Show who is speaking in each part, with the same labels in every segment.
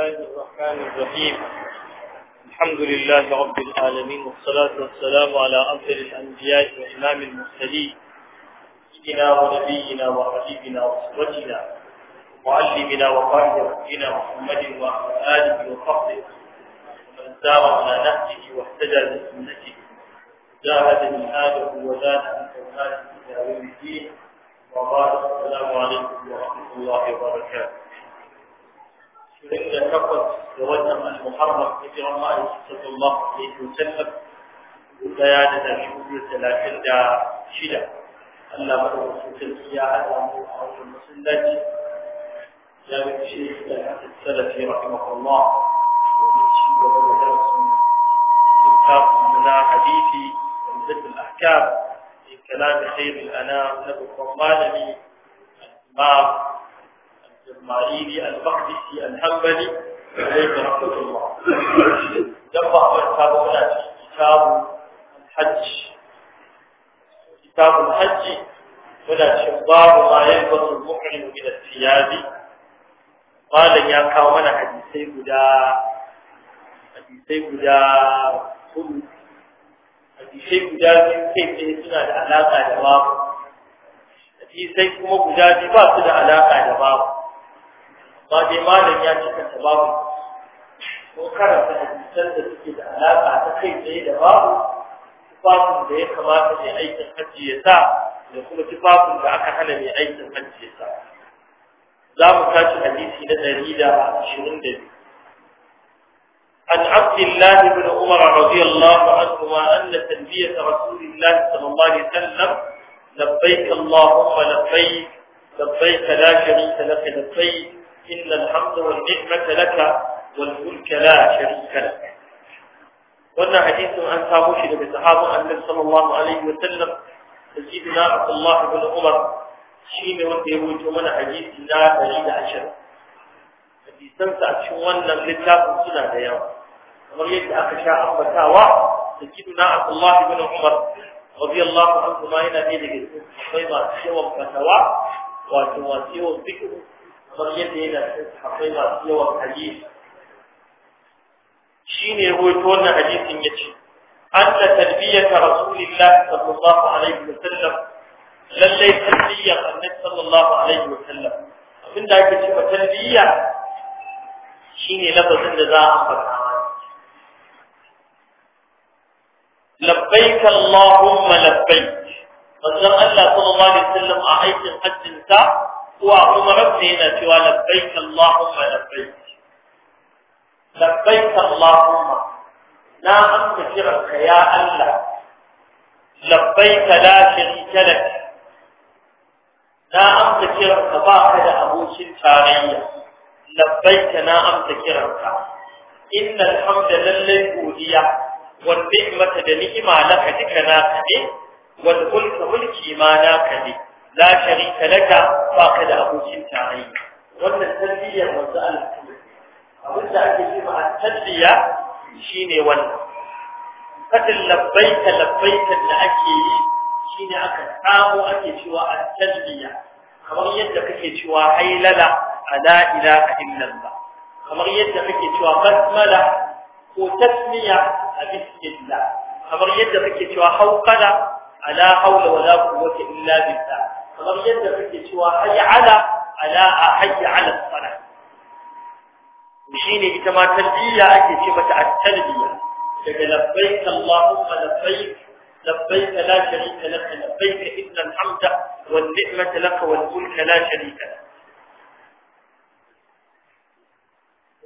Speaker 1: الله الرحمن الرحيم الحمد لله رب العالمين والصلاة والسلام على أفضل الأنبياء وإمام المرسلين سيدنا ونبينا وحبيبنا وأسوتنا معلمنا وقائد ربنا محمد وعلى آله وصحبه ومن سار على نهجه واهتدى بسنته جاهد من آله وزاد من كرماته إلى يوم الدين وقال السلام عليكم ورحمة الله وبركاته إلا فقط يوجه المحرم في رمائه صلى الله عليه وسلم بيانة الشهود ثلاثين دا شدة ألا مرة رسول السياحة وأمور المسلات جابت الشيخ السلفي رحمه الله ومن شيء وبرد كتاب منا حديثي ومزد الأحكام في كلام خير الأنام نبو الضمالني الإمام Ismaili al-Maqdisi al-Hambali alaikum rahmatullah dan ba'abar tabo na kitabu hajji kitabu hajji wadda cikin babu bayan wasu mukari mu siyazi ba ya kawo mana hadisai guda hadisai hadisai guda biyu suna da alaƙa da babu hadisai kuma guda biyu ba su da alaƙa da babu ba dai malam ya cika ta babu ko karanta hadisan da suke da alaƙa ta kai tsaye da babu tufafin da ya kamata mai aikin hajji ya sa da kuma tufafin da aka hana mai aikin hajji ya sa za mu tashi hadisi na ɗari da ashirin da biyu عن عبد الله بن عمر رضي الله عنهما أن تلبية رسول الله صلى الله عليه وسلم لبيك اللهم لبيك لبيك لا شريك لك لبيك إن الحمد والنعمة لك والملك لا شريك لك
Speaker 2: وانا حديث أن تابوش لك صحابة
Speaker 1: النبي صلى الله عليه وسلم سيدنا عبد الله بن عمر شيني وانده يوجه من حديث لا تريد عشر حديثاً سأتشوانا لتاب سنة ديام وريد أخشاء أفتاوى سيدنا عبد الله بن عمر رضي الله عنه ما ينبيه لك ويما سيوى فتاوى وتواسيوى ذكره kamar yadda yana cikin sahabbai masu yawan hadisi shine ya goyi wannan hadisin yace anna talbiyata rasulillah sallallahu alaihi wa sallam lalle talbiya annabi sallallahu alaihi wa sallam abinda ake cewa talbiya shine lafazin da za a ambata labbaik allahumma labbaik manzon Allah sallallahu alaihi wa sallam a aikin hajjinsa wa umar bin yana cewa labbaik allahumma labbaik labbaik allahumma na amsa kiranka ya Allah labbaik la sharika lak na amsa kiranka ba ka da abokin tarayya labbaik na amsa kiranka innal hamda lillahi godiya wal mata da ni'ima laka duka na kade? wal mulka mulki ma na kade? la sharika laka ba ka da abokin tarayya wannan tarbiyyar manzo Allah abin da ake ce ma at-tadliya shine wannan fadin labbaika labbaika da ake yi shine aka tsamo ake cewa a tadliya kamar yadda kake cewa haylala ala innan ba. kamar yadda kake cewa basmala ko tasmiya a bismillah kamar yadda kake cewa hawqala ala hawla wala quwwata illa billah فبقيت تفكي شوى حي على على حي على الصلاة وشيني كما تلبية أكي شفة التلبية لبيك اللهم لبيك لبيك لا شريك لك لبيك إلا الحمد والنعمة لك والملك لا شريك لك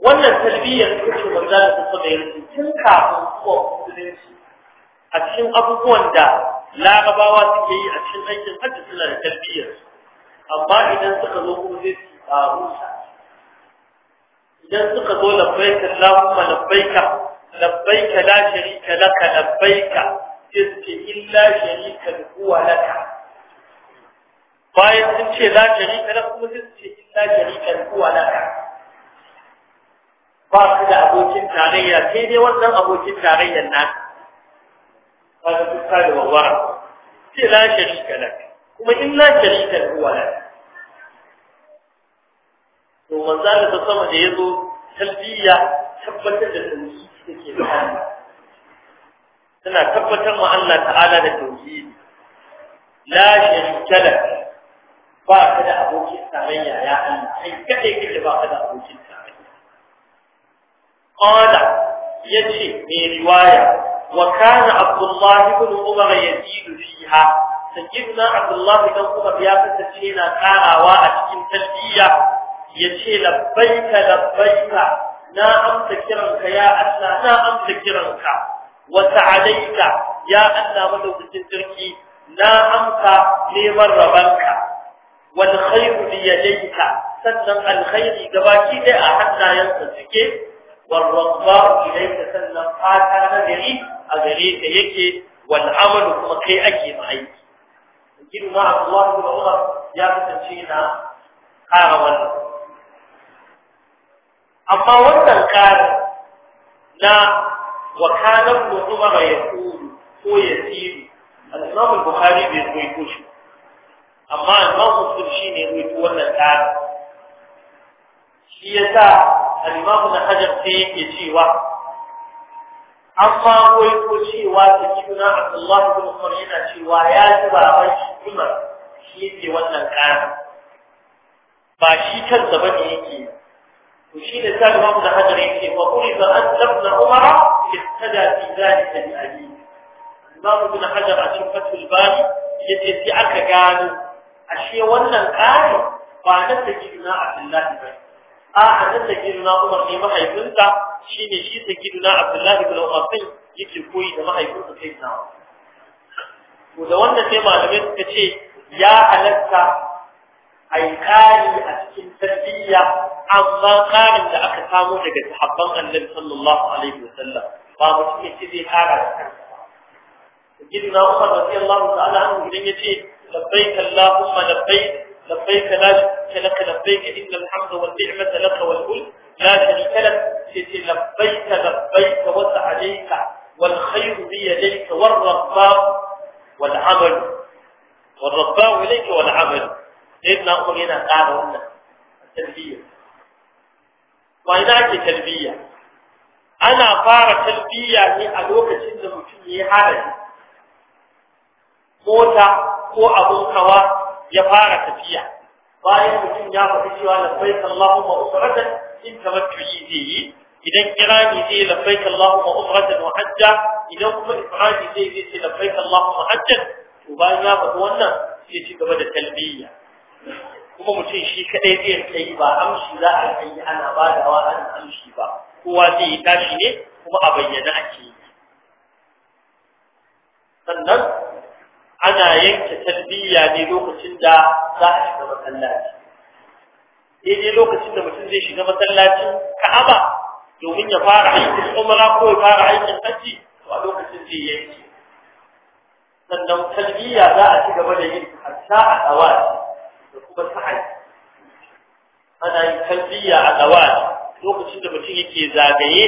Speaker 2: wannan talbiyar da kuke magana
Speaker 1: da su da yanzu kin kafa ko kudin shi a cikin abubuwan da larabawa suke yi a cikin aikin hajji suna da tarbiyyar amma idan suka zo kuma zai su tsaro idan suka zo labbaika Allahumma labbaika labbaika la sharika laka labbaika iske illa sharika huwa laka bayan sun ce la sharika laka kuma sun ce illa sharika huwa laka ba su da abokin tarayya sai dai wannan abokin tarayyar naka kaga fuska da wawara ce la sharika lak kuma in la sharika huwa lak to manzo Allah ta sama da yazo talbiya tabbatar da tauhidi take da Allah tana tabbatar ma Allah ta'ala da tauhidi la sharika lak ba ka da abokin tarayya ya Allah kai kade ba ka da abokin mai riwaya وكان عبد الله بن عمر يزيد فيها سيدنا عبد الله بن عمر يا فتشينا قاراوا a cikin talbiya yace labbaika labbaika na amsa kiranka ya Allah na amsa kiranka wa ta'alaita ya Allah madaukakin sarki na amsa neman rabanka wal khairu bi yadayka sannan alkhairi gabaki da a hannayensa suke والرضا إليك سنن فاتا نذري أغريك يكي والعمل كما كي أكي معي يمكن ما عبد الله بن عمر يا فتنشينا قال والله أما وانت قال لا وكان ابن عمر يقول هو يسير الإمام البخاري بيقول شيء amma al-mawqif shi ne ruwaito wannan tsari shi yasa al-imamu na hajar sai yake cewa an ma ko cewa da juna abdullahi bin umar yana cewa ya ji baban shi umar shi yake wannan ƙara ba shi kansa ba ne yake to shi ne sa imamu na hajar ce ba kuri ba an labna umara istada fi zalika bi abi imamu bin hajar a cikin fatul bani ce sai aka gano ashe wannan ƙari ba na sayyidina abdullahi ba A'a, nan da gidu na umar ne mahaifinsa shi ne shi ta gidu na abdullahi bin umarfin yake koyi da mahaifinsa kai na to da wannan sai malamai suka ce ya halatta a yi a cikin tarbiyya amma karin da aka samu daga sahabban annabi sallallahu alaihi wa sallam ba mutum ne shi zai ƙara da kansa ba gidu na umar radiyallahu ta'ala anhu idan ya ce labbaik allahumma labbaik labbaik la لك لبيك إن الحمد والنعمة لك والكل لا شريك لك لبيك لبيك وسعديك والخير بيديك والرباء والعمل والرباء إليك والعمل سيدنا عمر هنا قال لنا التلبية وإنها تلبية أنا fara تلبية ne يعني ألوك lokacin da mutum ya harari mota ko abun hawa ya fara bayan mutum ya faɗi cewa labbaik Allahumma umratan in tuyi zai yi idan kirani zai labbaik Allahumma umratan wa hajja idan kuma ifradi zai zai ce labbaik Allahumma hajjan to bayan ya faɗi wannan sai ci gaba da talbiyya kuma mutum shi kadai zai tsayi ba amshi za a yi ana badawa ana amshi ba kowa zai yi tashi ne kuma a bayyana ake yi sannan ana yanke tarbiyya ne lokacin da za a shiga masallaci daidai lokacin da mutum zai shiga masallacin ka'aba domin ya fara aikin umara ko ya fara aikin haji a lokacin zai yanke sannan tarbiyya za a ci gaba da yin hatta a dawaki da kuma sa'ai ana yin tarbiyya a dawaki lokacin da mutum yake zagaye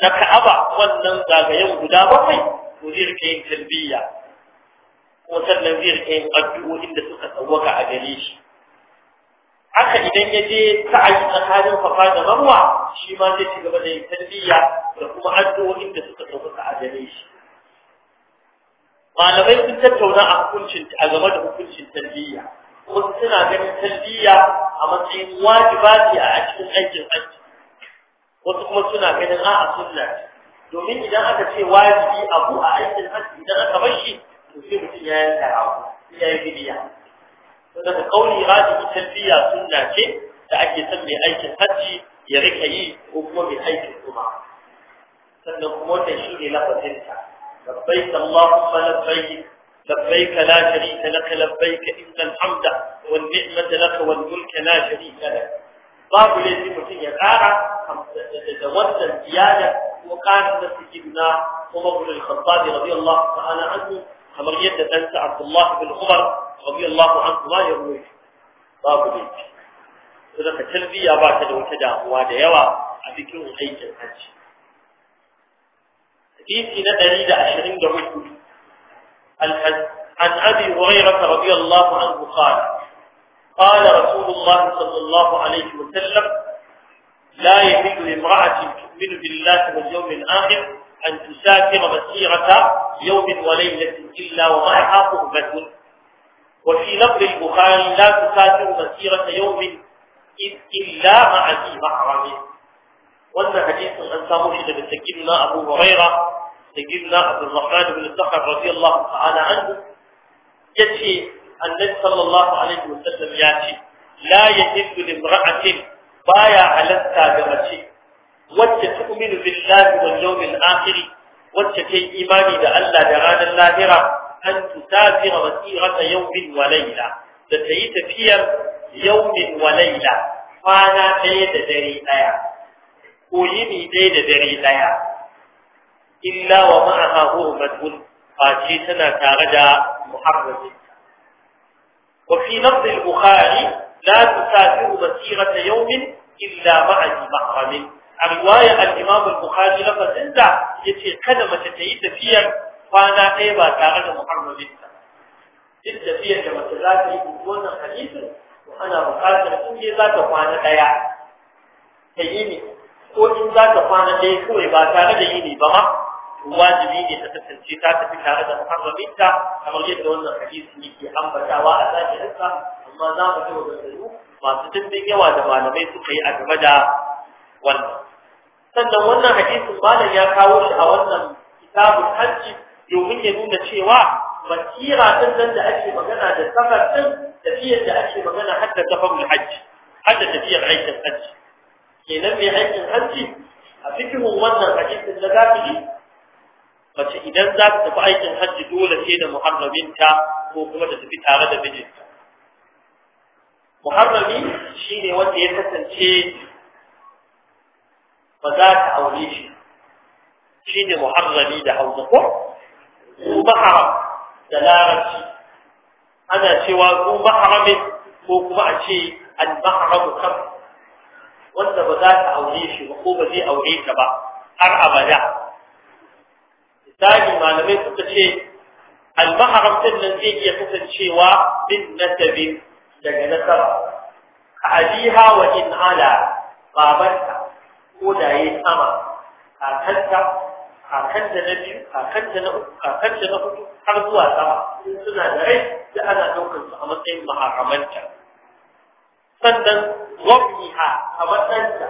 Speaker 1: na ka'aba wannan zagayen guda bakwai ko zai rike yin tarbiyya kuma sannan zai rike yin addu'o'in da suka tsawaka a gare shi Aka idan ya je sa'ayi tsakanin fafa da marwa shi ma zai ci gaba da yin tarbiyya da kuma addu'o'in da suka tsawaka a gare shi malamai sun tattauna a hukuncin a game da hukuncin tarbiyya wasu suna ganin tarbiyya a matsayin wajiba ce a cikin aikin aiki. wasu kuma suna ganin a'a sunna domin idan aka ce wajibi abu a aikin hajji idan aka bar shi to sai mutum ya yanka rago ya yi gidiya. saboda kauli rajibi tafiya sunna ce da ake san mai aikin hajji ya rika yi ko kuma mai aikin kuma sannan kuma wannan shi ne lafazinta labbaik allahumma labbaik labbaik la sharika lak labbaik innal hamda wan ni'mata lak wal mulka la sharika lak babu laifi mutum ya kara da wannan ziyada ko karin da suke na Umar bin Khattab radiyallahu ta'ala anhu خبريت أنت عبد الله بن عمر رضي الله عنه لا يروي باب ليك إذا مثل ذي أباك لو كدا هو ديوا أبيك وغيك الحج حديثي ندريد عشرين دعوه الحج عن أبي هريرة رضي الله عنه قال قال رسول الله صلى الله عليه وسلم لا يهد لامرأة تؤمن بالله واليوم الآخر أن تسافر مسيرة يوم وليلة إلا ومعها قربة وفي نقل البخاري لا تسافر مسيرة يوم إلا مع ذي محرم وأن حديث أن ساموش لمن سجلنا أبو هريرة سجلنا عبد الرحمن بن الصخر رضي الله تعالى عنه يتي النبي صلى الله عليه وسلم يأتي لا يجد لامرأة بايا على التاجمة wacce tu'minu billahi wal yawmil akhir wacce ta yi imani da Allah da ranar lahira an tusafira masirata yawmin wa layla da ta yi tafiyar yawmin wa layla kwana ɗaya da dare ɗaya ko yini ɗaya da dare ɗaya illa wa ma'aha hurmatun face tana tare da muharramin وفي لفظ البخاري لا تسافر مسيرة يوم إلا معك محرم riwayar al-Imam al-Bukhari lafazin da yace kada mace ta yi tafiyar kwana ɗaya ba tare da muharraminta duk tafiyar da mace za ta yi wannan hadisin to ana buƙatar in za ta kwana ɗaya ta yi ne ko in za ta kwana ɗaya kawai ba tare da ne ba ma wajibi ne ta kasance ta tafi tare da muharraminta kamar yadda wannan hadisin yake ambatawa a zahirinsa amma za mu ji wa masu dimbin yawa da malamai suka yi a game da wannan sannan wannan hadisin malam ya kawo shi a wannan kitabun hajji domin ya nuna cewa basira din nan da ake magana da safar din tafiyar da ake magana har da safarul har da tafiyar aikin hajji kenan mai aikin hajji a cikin wannan hadisin da za mace idan za ta tafi aikin hajji dole sai da muharraminta ko kuma ta tafi tare da mijinta muharrami shine wanda ya kasance ba za ka aure shi shi ne muharrami da hausa ko zuba da larabci ana cewa zuba haramin ko kuma a ce al-mahramu kam? wanda ba za ka aure shi ba ko ba zai aure ka ba har abada misali malamai suka ce al-mahram din nan zai iya kasancewa bin nasabin daga nasaba ka abiha wa in ala babarka ko da yayi sama kakanta kakanta na biyu kakanta na uku kakanta na hudu har zuwa sama suna da rai da ana daukar su a matsayin maharamanta sannan ha a matsayinta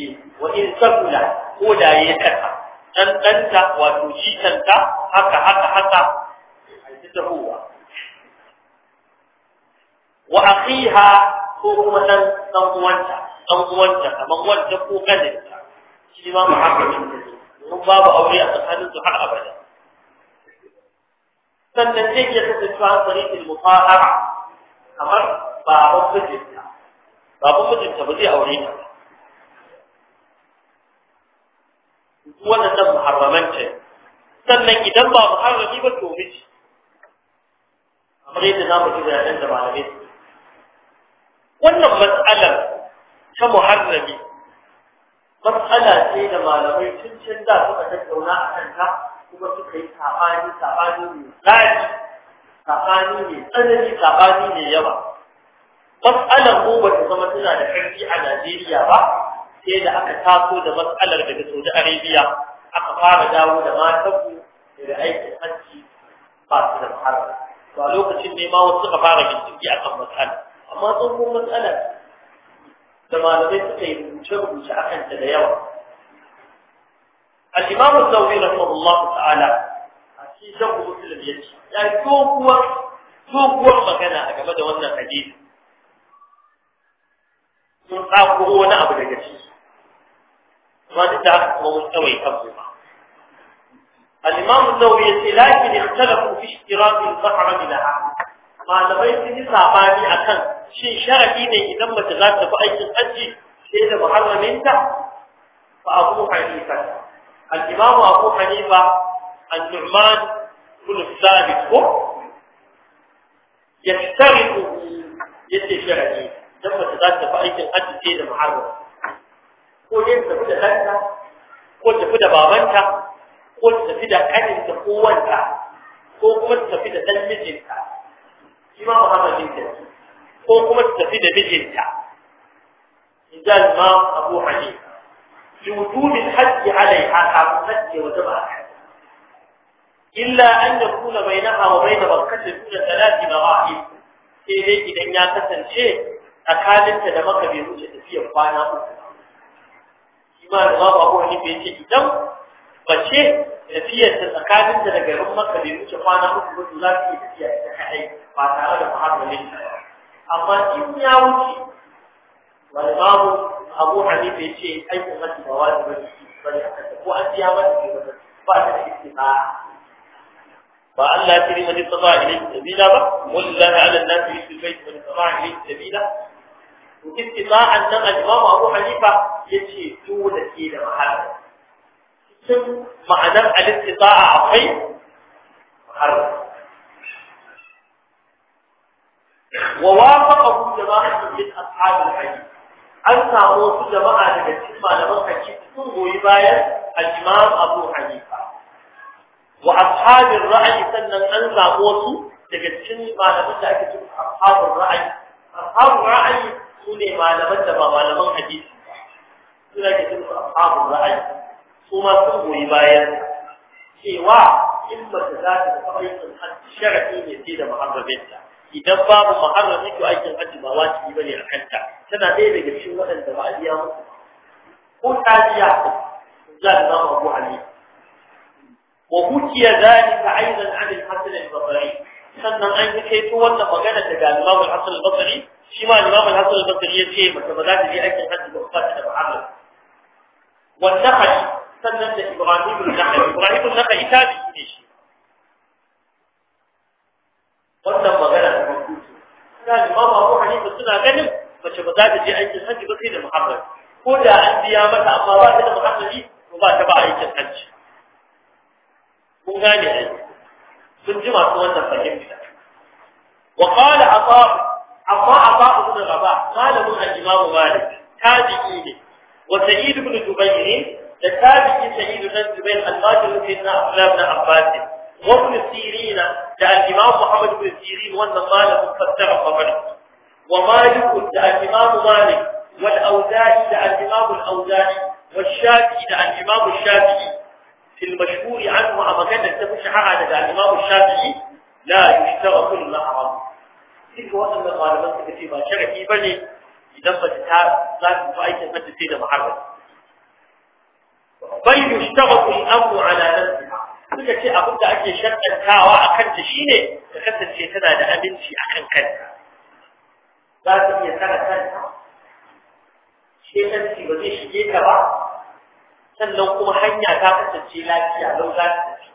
Speaker 1: e, wa in sabula, ko da yayi kasa dan danta wato jikanta haka haka haka a ta huwa wa akhiha ko kuma dan dan uwanta dan uwanta kamar wanda ko kaninta shi ma muhabbatin ta mun babu aure a tsakanin su har abada sannan zai iya kasance an tsarikin mutahara kamar ba mijinta baban mijinta ba zai aure ta wannan nan muharramanta sannan idan ba muharrami ba to miji amma yadda za mu ji bayanan da malamai wannan matsalar ta muharrami matsala ce da malamai tun can da suka tattauna a kanta kuma suka yi sabani sabani mai tsari sabani mai tsanani sabani mai yawa matsalar ko ba ta zama tana da ƙarfi a Najeriya ba sai da aka taso da matsalar daga Saudi Arabia aka fara dawo da matan mu daga aikin hajji ba su da muharrami to a lokacin ne ma wasu suka fara bincike akan matsala amma tsohon matsalar تمالدين تقيم مجرد مساحاً تدير الإمام الثوري رحمه الله تعالى في زوجه الذي يعني توق وقت توق وقت كان أكبر وانا حديد ثم هو نعب لجسي ما تتعرف هو مستوي تبضي الإمام الثوري لكن اختلفوا في اشتراك الظهر من malamai sun yi sabani kan shin sharadi ne idan mace za ta fi aikin aji sai da muharraminta fa abu hanifa al-imam abu hanifa an-nu'man bin sabit ko yashtariku yace sharadi idan mace za ta fi aikin aji sai da muharram ko ne ta fi da kanta ko ta fi da babanta ko ta fi da kaninta ko wanta ko kuma ta fi da dan mijinta shi ma muhammadin ta ko kuma ta tafi da mijinta idan ma abu hanifa fi wujubil hajji alaiha kafin hajji wa jama'a illa an da bai na bainaha wa bain makkah duna thalath marahil sai dai idan ya kasance tsakaninta da maka bai wuce tafiyar kwana uku shi ma da babu abu hanifa yace idan bace tafiyar ta tsakanin da garin Makka bai wuce kwana uku ba za su yi tafiya ta kadai ba tare da muharramin ta amma in ya wuce wal babu Abu Hanifa ce ai kuma ta ba wani ba bane ko an biya ba ta ba ta da istifa ba Allah ya tiri wani tsaba ilai sabila ba mullan ala nas fi bayt wal tsaba ilai sabila to istifa an nan al-Imam Abu Hanifa ya ce sai da muharram ثم مع دفع الاستطاعة عطي محرم ووافقوا جماعة من أصحاب الحي أنت أموت جماعة لكثير ما لمن كتبتم ويباية الإمام أبو حنيفة وأصحاب الرعي سنة أنت أموت لكثير ما لمن كتبتم أصحاب الرعي أصحاب الرعي سنة ما لمن كتبتم ما لمن حديث سنة كتبتم أصحاب الرعي su sun goyi bayan cewa in ba za ta taɓa aikin hajji sharafi ne sai da muharraminta idan babu muharramin to aikin hajji ba wajibi bane a kanta tana ɗaya daga cikin waɗanda ba a biya musu ko ta biya za ta zama abu ali wa hukiya zalika aidan an al-hasan al-basri sannan an yi kai to wannan magana daga al-imam al-hasan al-basri shi ma al-imam al-hasan al-basri ya ce mata ba za ta je aikin hajji ba ba ta da muharram wannan hajji sannan da Ibrahim al-Nakhai Ibrahim al-Nakhai tabi'i ne shi wannan magana ta farko ce sai Imam Abu Hanifa suna ganin mace ba za ta je aikin hajji ba sai da muhammad ko da an biya mata amma ba ta da muhammadi ko ba ta ba aikin hajji mun gane ai sun ji masu wannan fahimta wa qala ata amma ata ibn rabah qala mun al-imam malik tabi'i ne wa sa'id ibn jubayr لثابت سيد بن بين القاتل سيدنا عبد بن عباس وابن السيرين ده الامام محمد بن السيرين وان مالك فسر قبله ومالك ده الامام مالك والاوزاعي ده الامام الاوزاعي والشافعي ده الامام الشافعي في المشهور عنه اما كان تكتب شحاعه ده الامام الشافعي لا يشترط الأعراض تلك وان المعلومات كتيبه شرعي بني idan ba ta za ta fi aikin hajji sai bai mushtaqu al-amru ala nafsiha suka ce abin da ake shaddantawa akan ta shine ka kasance tana da aminci akan kanta za ta iya tsara kanta shekanci ba zai shige ta ba sannan kuma hanya ta kasance lafiya lau za ta tafi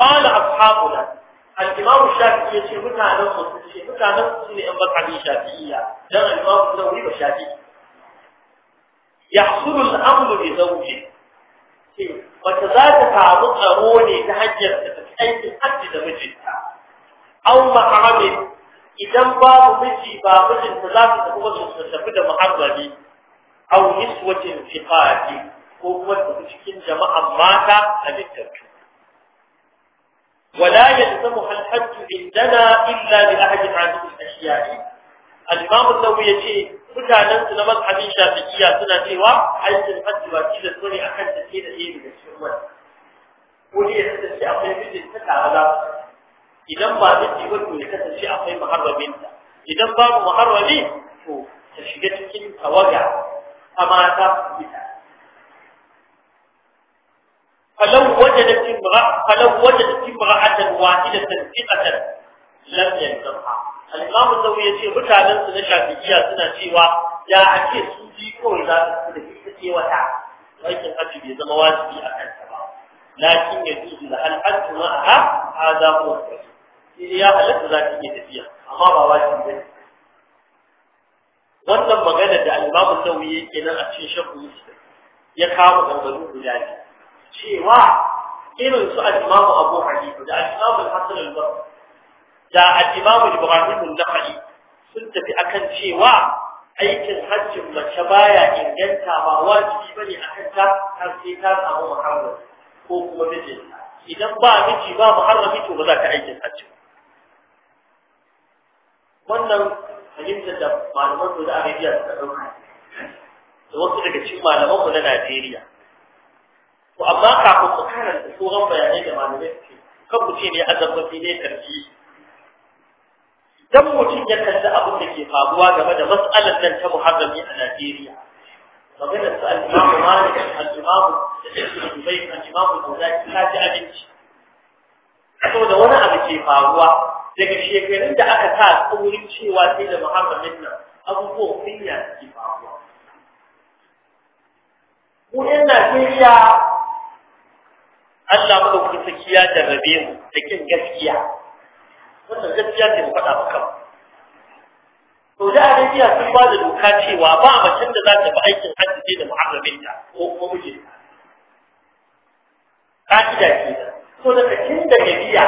Speaker 1: قال أصحابنا الإمام الشافعي يشير متى نفسه يشير متى نفسه لأن مذهب الشافعية لأن الإمام النووي والشافعي yahsulu al-amru bi zawji wata za ta samu tsaro ne ta hanyar da ta aiki hajji da mijinta au mahamid idan babu miji ba mijinta za ta tafi wasu su tafi da muhammadi au niswatin fiqati ko kuma ta cikin mata a littattu ولا يلزم الحج عندنا إلا لأحد هذه الأشياء al-imam an-nawawi yace mutanen su na mazhabin shafi'iyya suna cewa aikin hajji ba shi da sune akan ta ce da yayi da cikin wani ko ne ya kasance akwai mijin ta ta'ala idan ba miji ba to ya kasance akwai muharramin ta idan babu muharrami to ta shiga cikin tawaga a mata mita فلو وجدت امرأة فلو وجدت امرأة واحدة ثقة lam yantaha al-imam an-nawawi yace mutanen su na shafi'iyya suna cewa ya ake su bi kawai za su da ita ce wata aikin hajji bai zama wajibi a kanta ba lakin ya ji da al-hajj ma ha hada ko ya halatta za ta iya tafiya amma ba wajibi ba wannan magana da al-imam an-nawawi yake nan a cikin shafi ya kawo gangaru guda biyu. cewa irin su al-imam Abu Hanifa da al-imam Al-Hasan Al-Basri da al-Imam Ibrahim an sun tafi akan cewa aikin hajjin mace baya inganta ba wajibi bane akan ta har sai ta samu muharram ko kuma miji idan ba miji ba muharrami to ba za ta aikin hajji wannan fahimtar da malaman Saudi Arabia suka dauka da wasu daga cikin malaman na Najeriya to amma kafin su karanta sauran bayanai da malamai suke kan ku ce ne azabbafi ne tarjihi dan mutum ya kalli abin da ke faruwa game da mas'alar nan ta muharrami a Najeriya maganar su al-Imam Malik al-Imam Zubayr al-Imam Al-Ghazali ta ji abinci saboda wani abu ke faruwa daga shekarun da aka sa wurin cewa sai da muharramin nan abubuwan kunya ke faruwa mu yan Najeriya Allah mu da kusa kiya da rabe mu da kin gaskiya wannan gaskiya ce mu faɗa maka to da arabiya sun ba da doka cewa ba macen da za ta bi aikin hajji da ta ko kuma mijinta ka'ida ke da so daga kin da biya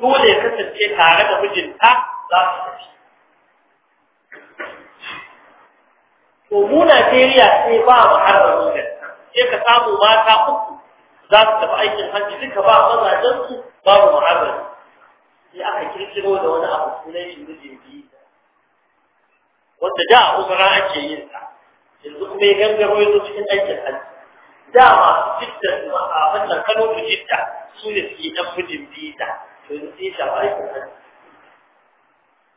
Speaker 1: dole ya kasance tare da mijinta za su tafi to mu Najeriya sai ba mu muharrami da sai ka samu mata uku za su tafi aikin hajji duka ba mazajen su babu muharrami sai aka kirkiro da wani abu sunan shi mijin biyu wanda da a umara ake yin sa yanzu kuma ya gangaro yanzu cikin aikin hajji dama jidda kuma a wannan kano da jidda su ne yi ɗan mijin biyu da to yanzu sai shafa aikin hajji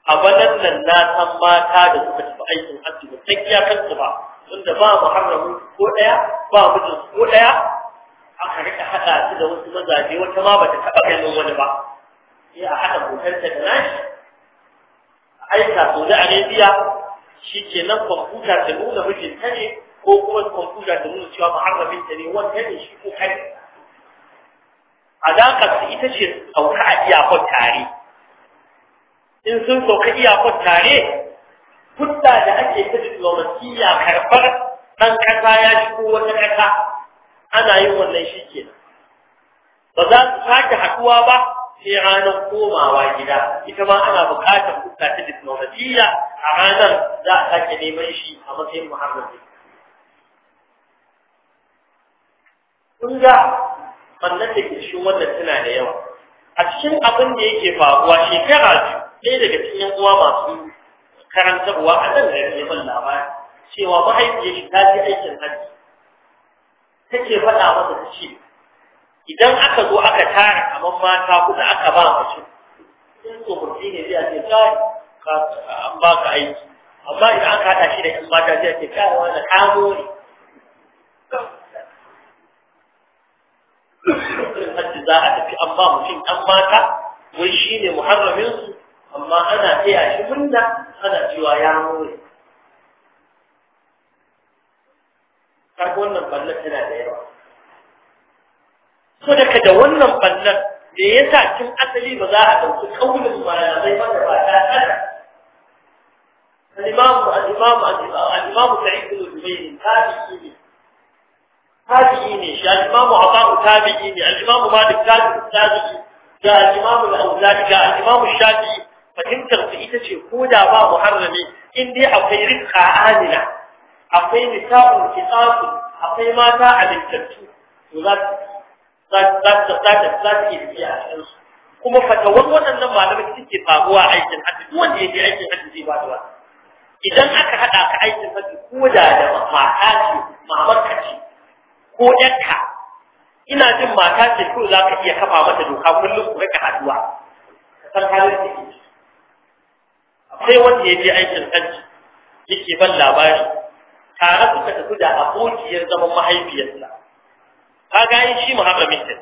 Speaker 1: a banan nan na san mata da suka tafi aikin hajji ba tsakiya kansu ba wanda ba muharramin ko daya ba mijin ko daya aka rika hada su da wasu mazaje wata ma bata taba ganin wani ba sai a haɗa hotonta da nashi aika saudi arabia shi ke nan kwamfuta ta nuna mijinta ne ko kuma kwamfuta ta nuna cewa muharraminta ne wanda ne shi ko kai alaƙar ita ce sauka a iyakon tare in sun sauka iyakon tare hudda da ake ta diplomasiya karfar ɗan ƙasa ya shigo wata ƙasa ana yin wannan shi ke ba za su sake haɗuwa ba sai ranar komawa gida ita ma ana bukatar fuska ta diplomatiya a ranar za a sake neman shi a matsayin muhammad kun ga wannan da ke wannan tana da yawa a cikin abin da yake faruwa shekara biyu ɗaya daga cikin yan uwa masu karantarwa a nan gari neman labari cewa mahaifiyar shi ta ji aikin hajji take faɗa masa ta ce idan aka zo aka tara kamar mata kuma aka ba mace sun tsofaffi ne zai ce kai an ba ka aiki amma idan aka haɗa shi da yan mata zai ce kai wani kamo ne irin hajji za a tafi an ba mutum ɗan mata wai shi ne muharraminsu amma ana taya shi murna ana cewa ya more kaga wannan ballon tana da yawa so daga da wannan ballar da ya sa tun asali ba za a ɗauki kaulin malamai ba da ba ta tsara al-imamu al-imamu al-imamu sa'id ibn jubayr tabi'i ne tabi'i ne shi al-imamu abu tabi'i ne al-imamu malik tabi'i ga al-imamu al-awzali ga al-imamu shafi'i fahimtar su ita ce ko da ba muharrami in dai akwai rikka amina akwai nisa'un kisasu akwai mata alintattu to za su za ta yi biya a cikinsu kuma fatawar waɗannan malamai suke faruwa aikin hajji duk wanda ya je aikin hajji zai ba da ba. idan aka haɗa ka aikin hajji ko da da mata ce ka ce ko ƴanka, ina jin mata ce ko za ka iya kafa mata doka kullum ku rika haɗuwa ka san halin da ke sai wanda ya je aikin hajji yake ban labari tare suka tafi da abokiyar zaman mahaifiyarsa ka gani shi muharramin din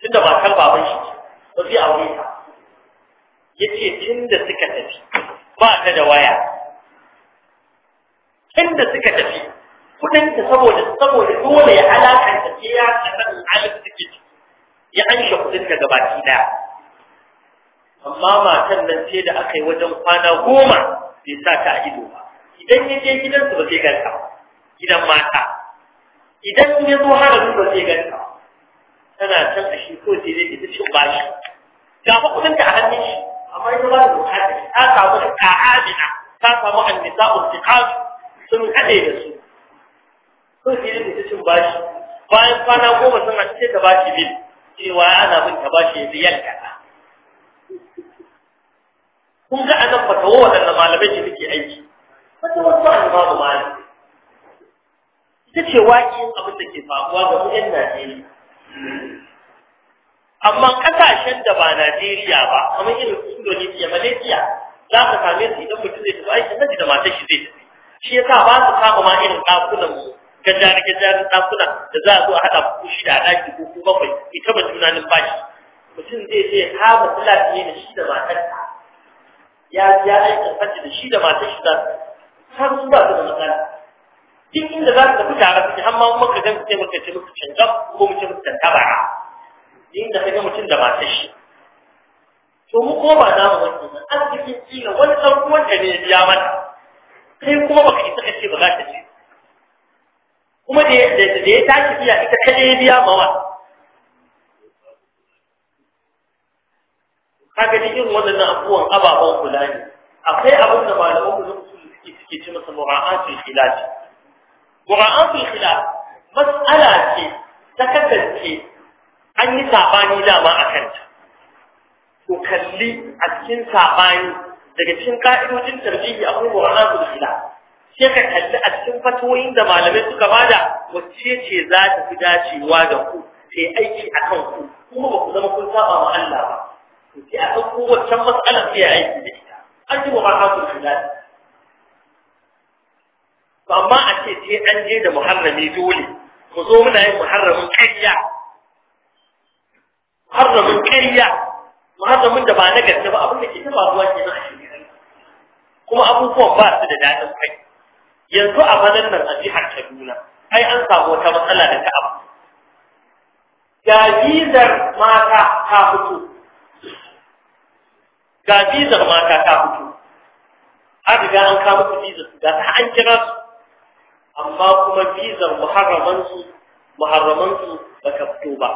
Speaker 1: tunda ba kan baban shi ba sai aure ta yace tunda suka tafi ba ta da waya tunda suka tafi kudin ta saboda saboda dole ya alakanta ce ya san alif take ya anshe kudin ta gabaki daya amma matan nan ce da aka yi wajen kwana goma bai sa ta a ido ba idan ya je gidansu ba zai gansa gidan mata idan ya zo harafin ba zai ganta tana can a shi ko sai dai ita cin bashi ga fa kudin ta a hannun shi amma ita ba da bukata ta samu da ka'adina ta samu annisa ultiqat sun kade da su ko sai dai ita cin bashi bayan kwana goma sun haɗu sai ta bashi bil cewa ana bin ta bashi riyal kaza kun ga anan fatawa waɗanda malamai ke suke aiki fatawa su an babu malami ta ce waƙin abin da ke faruwa ga mu 'yan Najeriya. Amma ƙasashen da ba Najeriya ba, kamar irin Indonesia, Malaysia, za ka same su idan mutum zai tafi aikin hajji da matar shi zai tafi. Shi ya sa ba su kama ma irin ɗakunan mu, gajar-gajar ɗakunan da za a zo a haɗa ku shi a ɗaki ko ko bakwai, ita ba juna numfashi. Mutum zai je ya kama ne da shi da matarsa. Ya ya aikin hajji da shi da matar shi za su. Har su ba su da matsala. duk inda za su tafi tare suke amma mun ka gan sai muka ce muka canjab ko muka muka tabara inda kai mutum da matar shi to mu ko ba za mu wanke ba an cikin kila wani ɗan da ne ya biya mata kai kuma baka isa ka ce ba za ta ce kuma da ya tashi biya ita kaje ya biya mawa kaga ni irin wannan abubuwan ababen kula ne akwai abin da malaman mu suke suke ce masa mura'atul ilaci ƙura'atul khilaf mas'ala ce ta kasance an yi sabani dama a kanta ko kalli a cikin sabani daga cikin ka'idojin tarjihi akwai ƙura'atul khilaf sai ka kalli a cikin fatoyin da malamai suka bada wacce ce za ta fi dacewa da ku sai aiki a kan ku kuma ba ku zama kun saba ma Allah ba sai a ɗauko waccan mas'alar sai aiki da ita an yi ƙura'atul khilaf amma a ce sai an je da muharrami dole ku zo muna yin muharramin kariya muharramin kariya muharramin da ba na gaske ba abin da ke taɓa zuwa ke nan a shirya kuma abubuwan ba su da daɗin kai yanzu a banan nan a jihar Kaduna ai an samu wata matsala da ta abu gajizar mata ta fito gajizar mata ta fito an riga an kawo kuɗi da su ga an kira su amma kuma bizar muharramansu muharramansu ba ka fito ba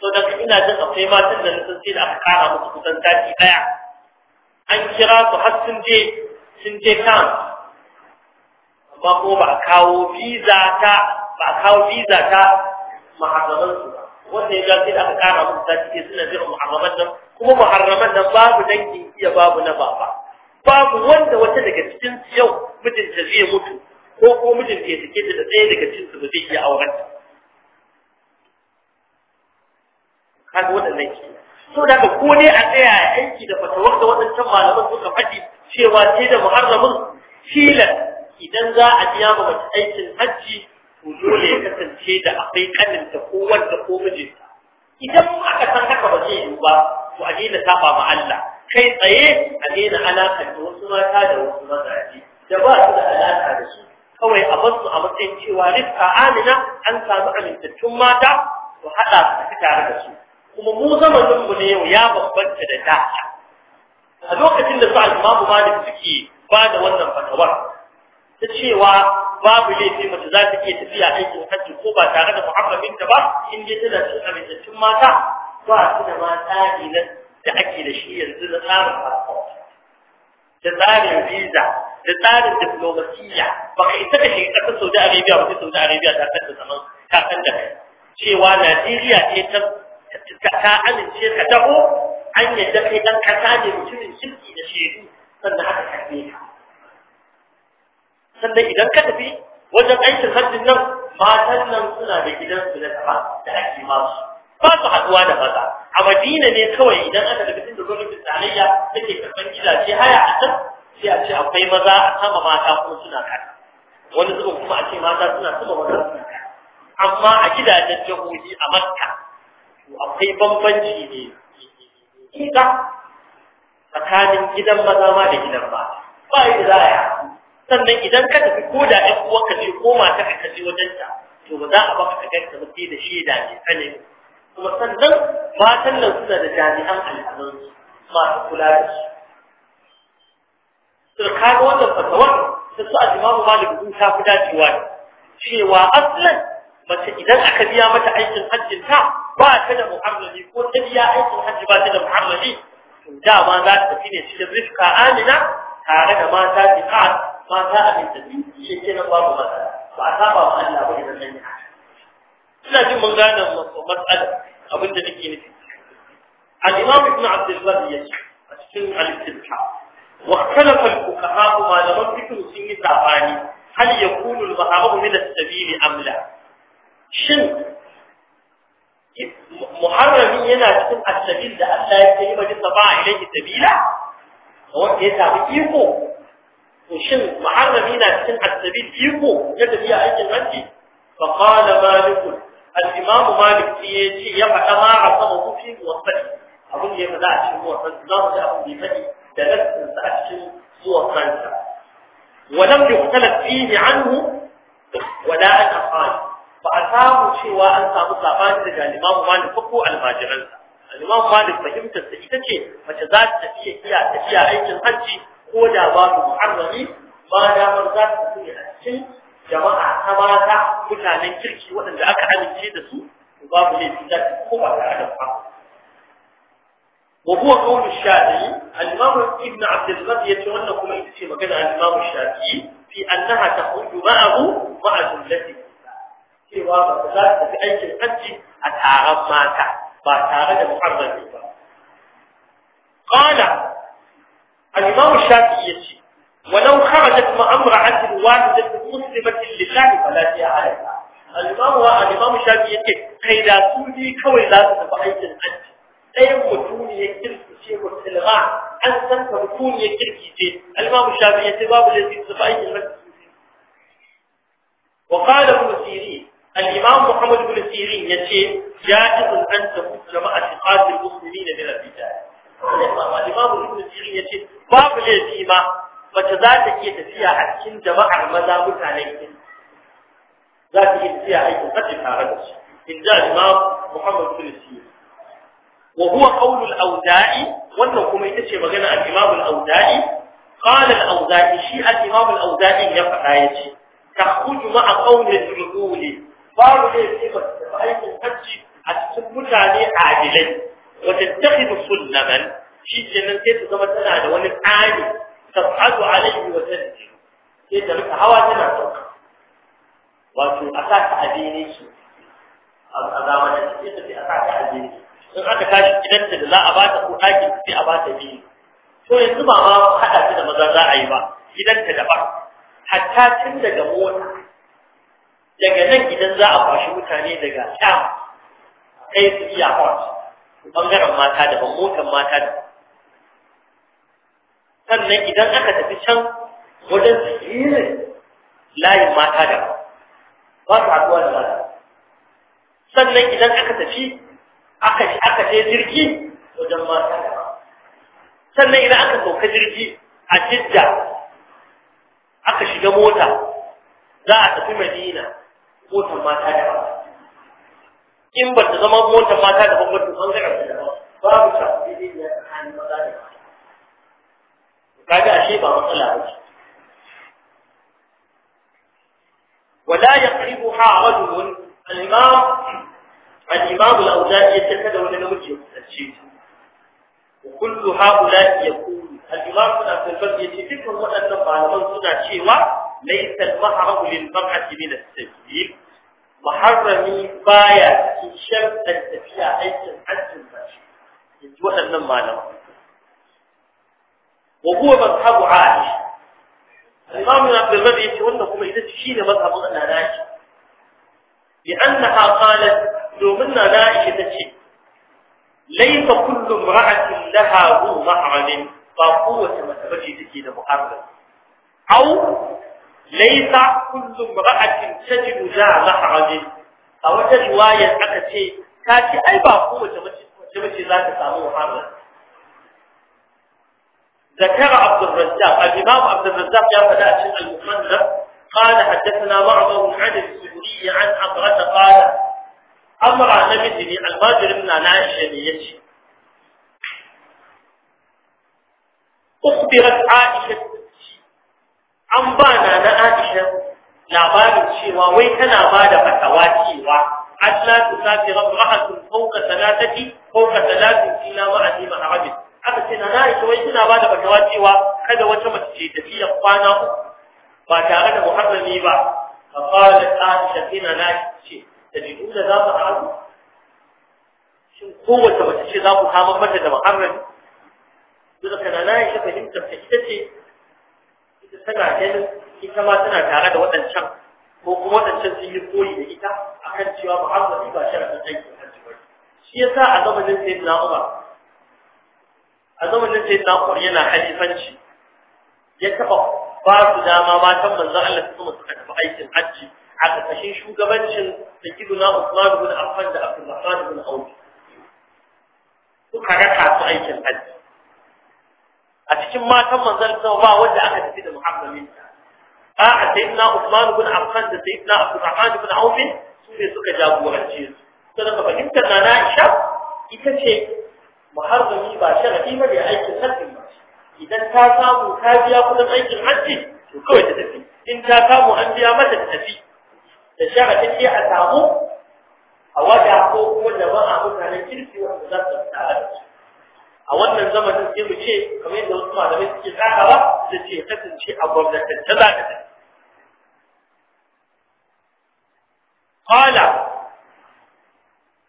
Speaker 1: so da ina jin akwai matan da nisan sai da aka kara musu kusan sati daya an kira su har sun je sun je kan amma kuma ba a kawo biza ta ba kawo biza ta muharramansu ba wanda ya ga sai da aka kara musu sati ke suna jiran muharraman nan kuma muharraman nan babu dangin iya babu na baba babu wanda wata daga cikin yau mijinta zai mutu ko ko mijin ya sake ta da tsaye daga cikin su ba zai iya auren ta kaga waɗannan ke so da ka ko ne a tsaya aiki da fatawar da waɗancan malaman suka faɗi cewa sai da muharramin filan idan za a biya ma mace aikin hajji to dole ya kasance da akwai kaninta ko wanda ko mijinta idan aka san haka ba zai yiwu ba to a daina saba ma Allah kai tsaye a daina alaƙar da wasu mata da wasu mazaje da ba su da alaƙa da su kawai a basu a matsayin cewa rifka amina an samu amintattun mata su haɗa su tare da su kuma mu zamanin ne yau ya bambanta da dace
Speaker 2: a lokacin da su al-Imam
Speaker 1: suke ba da wannan fatawar ta cewa babu laifi mace za ta iya tafiya aikin hajji ko ba tare da muhammadinta ba in dai tana cin amintattun mata ba su da ma da ake da shi yanzu na tsarin passport da tsarin visa da tsarin diplomasiya ba ka isa ka shiga ƙasar Saudi Arabia ba sai Saudi Arabia ta kanta da zaman ta san da kai cewa Najeriya ce ta ta amince ka taho an yadda kai ɗan kasa ne mutumin shirki da shedu sannan aka karbe ka sannan idan ka tafi wajen aikin hajjin nan matan nan suna da gidansu na gaba da ake masu ba su haɗuwa da maza a madina ne kawai idan aka daga cikin da gwamnatin tarayya take karɓar gidaje haya a can sai a ce akwai maza a sama mata kuma suna kasa wani suka kuma a ce mata suna sama maza suna kada. amma a gidajen jahohi a makka akwai bambanci ne ita tsakanin gidan maza ma da gidan ba ba yi zaya sannan idan ka tafi ko da ɗan ka ce ko mata ka je wajen ta to ba za a baka ka ganta ba sai da shaida ne tsanani kuma sannan matan nan suna da jami'an al'adun masu kula da su sai kaga wannan fatawar ta su al-Imam Malik din ta fi dacewa cewa aslan mace idan aka biya mata aikin hajjin ta ba ta da muharrami ko ta biya aikin hajji ba ta da muharrami dama za ta tafi ne cikin rifka amina tare da mata jiƙar mata a intabi shi ke nan babu mata ba ta ba wa Allah ba idan nan ina jin mun gane matsala abin da nake nufi al-Imam Ibn Abdul ya ce a cikin al-Istibhaq واختلف الفقهاء ما لم ذكر سن ثاني هل يكون الظهار من السبيل ام لا شن محرم هنا تكون السبيل ده الله يكتبه بجد طبعا اليه سبيلا هو ايه تعبير ايكو وشن محرم هنا تكون السبيل ايكو جد هي اي المنجي فقال مالك الامام مالك في يجي يبقى ما عصبه فيه موصل اظن يبدا شنو وصل الامام ده ابو da nassinsa a cikin zuwan kansa walam yukhtalaf fihi anhu Wada an aqal ba a samu cewa an samu sabani daga limamu malik ko almajiransa limamu malik fahimtar sa ita ce mace za ta tafiya iya tafiya aikin hajji ko da ba mu muharrami ba damar za ta tafiya a cikin jama'a ta mata mutanen kirki waɗanda aka amince da su babu laifi da ko ba tare da ba وهو قول الشافعي الإمام ابن عبد البر يتولى كما يتشي مكان الإمام الشافعي في أنها تخرج معه مع جملته في واقع ذلك في أي الحج أتعرض ماتا فأتعرض محرم قال الإمام الشافعي يتشي ولو خرجت مع امرأة واحدة مسلمة لله فلا شيء عليها الإمام الإمام الشافعي يتشي كي لا تودي كوي لا تبقى أي الحج ɗayan mutum ya kirkice musulma an san ka mutum ya kirkice al-imamu shafi ya ce babu lafi su ba yin rasu wa qala ibn sirin al Muhammadu muhammad ibn sirin ya ce jaizun an tabu jama'at qatil muslimin min al-bidaya al-imam ibn sirin ya ce babu lafi ma mace za ta ke tafiya a cikin jama'ar maza mutanen za ta ke tafiya aikin hajji tare da su in ji al Muhammadu muhammad ibn wa huwa qawl al wannan kuma ita ce magana al-imam al-awza'i qala shi al-imam al ya faɗa yace takhruju ma'a qawl al-udul babu ne sifar aikin hajji a cikin mutane adilai wa tattakhidu sullaman shi kenan sai ta zama tana da wani tsari tabadu alaihi sai rika hawa tana a sa ta a ta a in aka tashi gidanta da za a ba ta ko ɗakin sai a ba ta biyu to yanzu ba ma haɗa ta da maza za a yi ba gidanta daban hatta tun daga mota daga nan idan za a kwashi mutane daga sham kai su iya hot bangaren mata daban motan mata daban sannan idan aka tafi can wajen tsirin layin mata daban ba su haɗuwa da mata sannan idan aka tafi aka aka je jirgi wajen mata da sannan idan aka sauka jirgi a jidda aka shiga mota za a tafi madina motar mata da in ba ta zama motar mata da bambancin bangaren da babu ta daidai da tsakanin maza da mata kaga ashe ba matsala ba ce ولا يقربها رجل الإمام الإمام الأوزاعي يتكلم أن نمجي الشيء وكل هؤلاء يقول الإمام بن عبد البر يتفق وأن معلمان سنة شيوا ليس المحرم للمرأة من السبيل محرمي بايا في شرط التفيع أيضا عن المشي يتوى أن معلمان وهو مذهب عائشة الإمام بن عبد البر يتوى أنه مجلس مذهب أنها لأنها قالت domin na Aisha ta ce laifa kullu ra'atin laha hu mahramin ba kowace mace bace take da muharram au laifa kullu ra'atin tajidu la mahramin a wata riwaya aka ce ta ce ai ba kowace mace bace za ta samu muharram ذكر عبد الرزاق الإمام عبد الرزاق يا فلاح المصنف قال حدثنا بعضهم عن الزهري عن عطرة قال amara namiji ne almajirin na na Aisha ne yace ukhbirat Aisha an ba na na Aisha labarin cewa wai tana ba da fatawa cewa Allah ta tafi rahmatun fawqa salatati fawqa salatin ila ma'azima arabin aka ce na Aisha wai tana ba da fatawa cewa kada wata mace ce tafiya kwana uku ba tare da muharrami ba da عائشة فينا na ce. dabi'u da za ku haɗu shin kowace mace ce za ku kama mata da muharrami duk da kana na yi fahimtar ta ita ce ita tana ganin ita ma tana tare da waɗancan ko kuma waɗancan sun yi koyi da ita akan cewa muharrami ba sharafin aikin hajji ba shi sa a zamanin sayyidina Umar a zamanin sayyidina Umar yana halifanci ya taɓa ba su dama matan manzon Allah su kuma suka tafi aikin hajji a ƙarƙashin shugabancin da giduna Usman ibn Affan da Abdulrahman ibn Auf suka raka su aikin hajji a cikin matan manzon sama ba wanda aka tafi da muhammadin a a sayyidina Usman ibn Affan da sayyidina Abdulrahman ibn Auf su ne suka jagorance su saboda fahimtar na Aisha ita ce muharrami ba sharadi ba da aikin hajji ba idan ta samu ta biya kudin aikin hajji to kawai ta tafi in ta samu an biya mata ta tafi da sharadin sai a samu a wada ko kuma jama'a mutanen kirki wanda za su tsara da su a wannan zamanin sai mu ce kamar yadda wasu malamai suke tsarawa da ce kasance a gwamnatance za ka tafi قال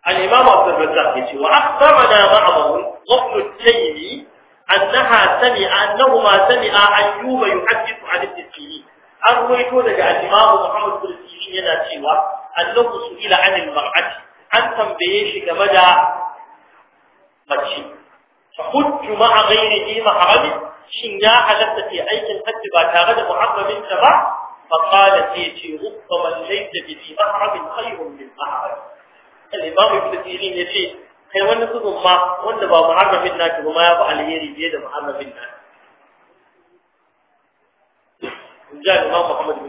Speaker 1: الإمام عبد الرزاق يقول وأخبرنا بعضهم غفل التيمي أنها سمع أنهما سمع أيوب يحدث عن ابن السيرين أرويت لك الإمام محمد بن shi yana cewa annabu su ila anil mar'ati an tambaye shi game da mace fa hujju ma'a ghairihi mahrami shin ya halatta ta aikin hajji ba tare da muhabbin ta ba fa qala sai ce rubba man laysa bi mahramin khayrun min mahram al-imam ibn tayyib ne ce kai wani kudin ma wanda ba muhabbin na ba kuma ya fi alheri fiye da muharramin naki جاء الإمام محمد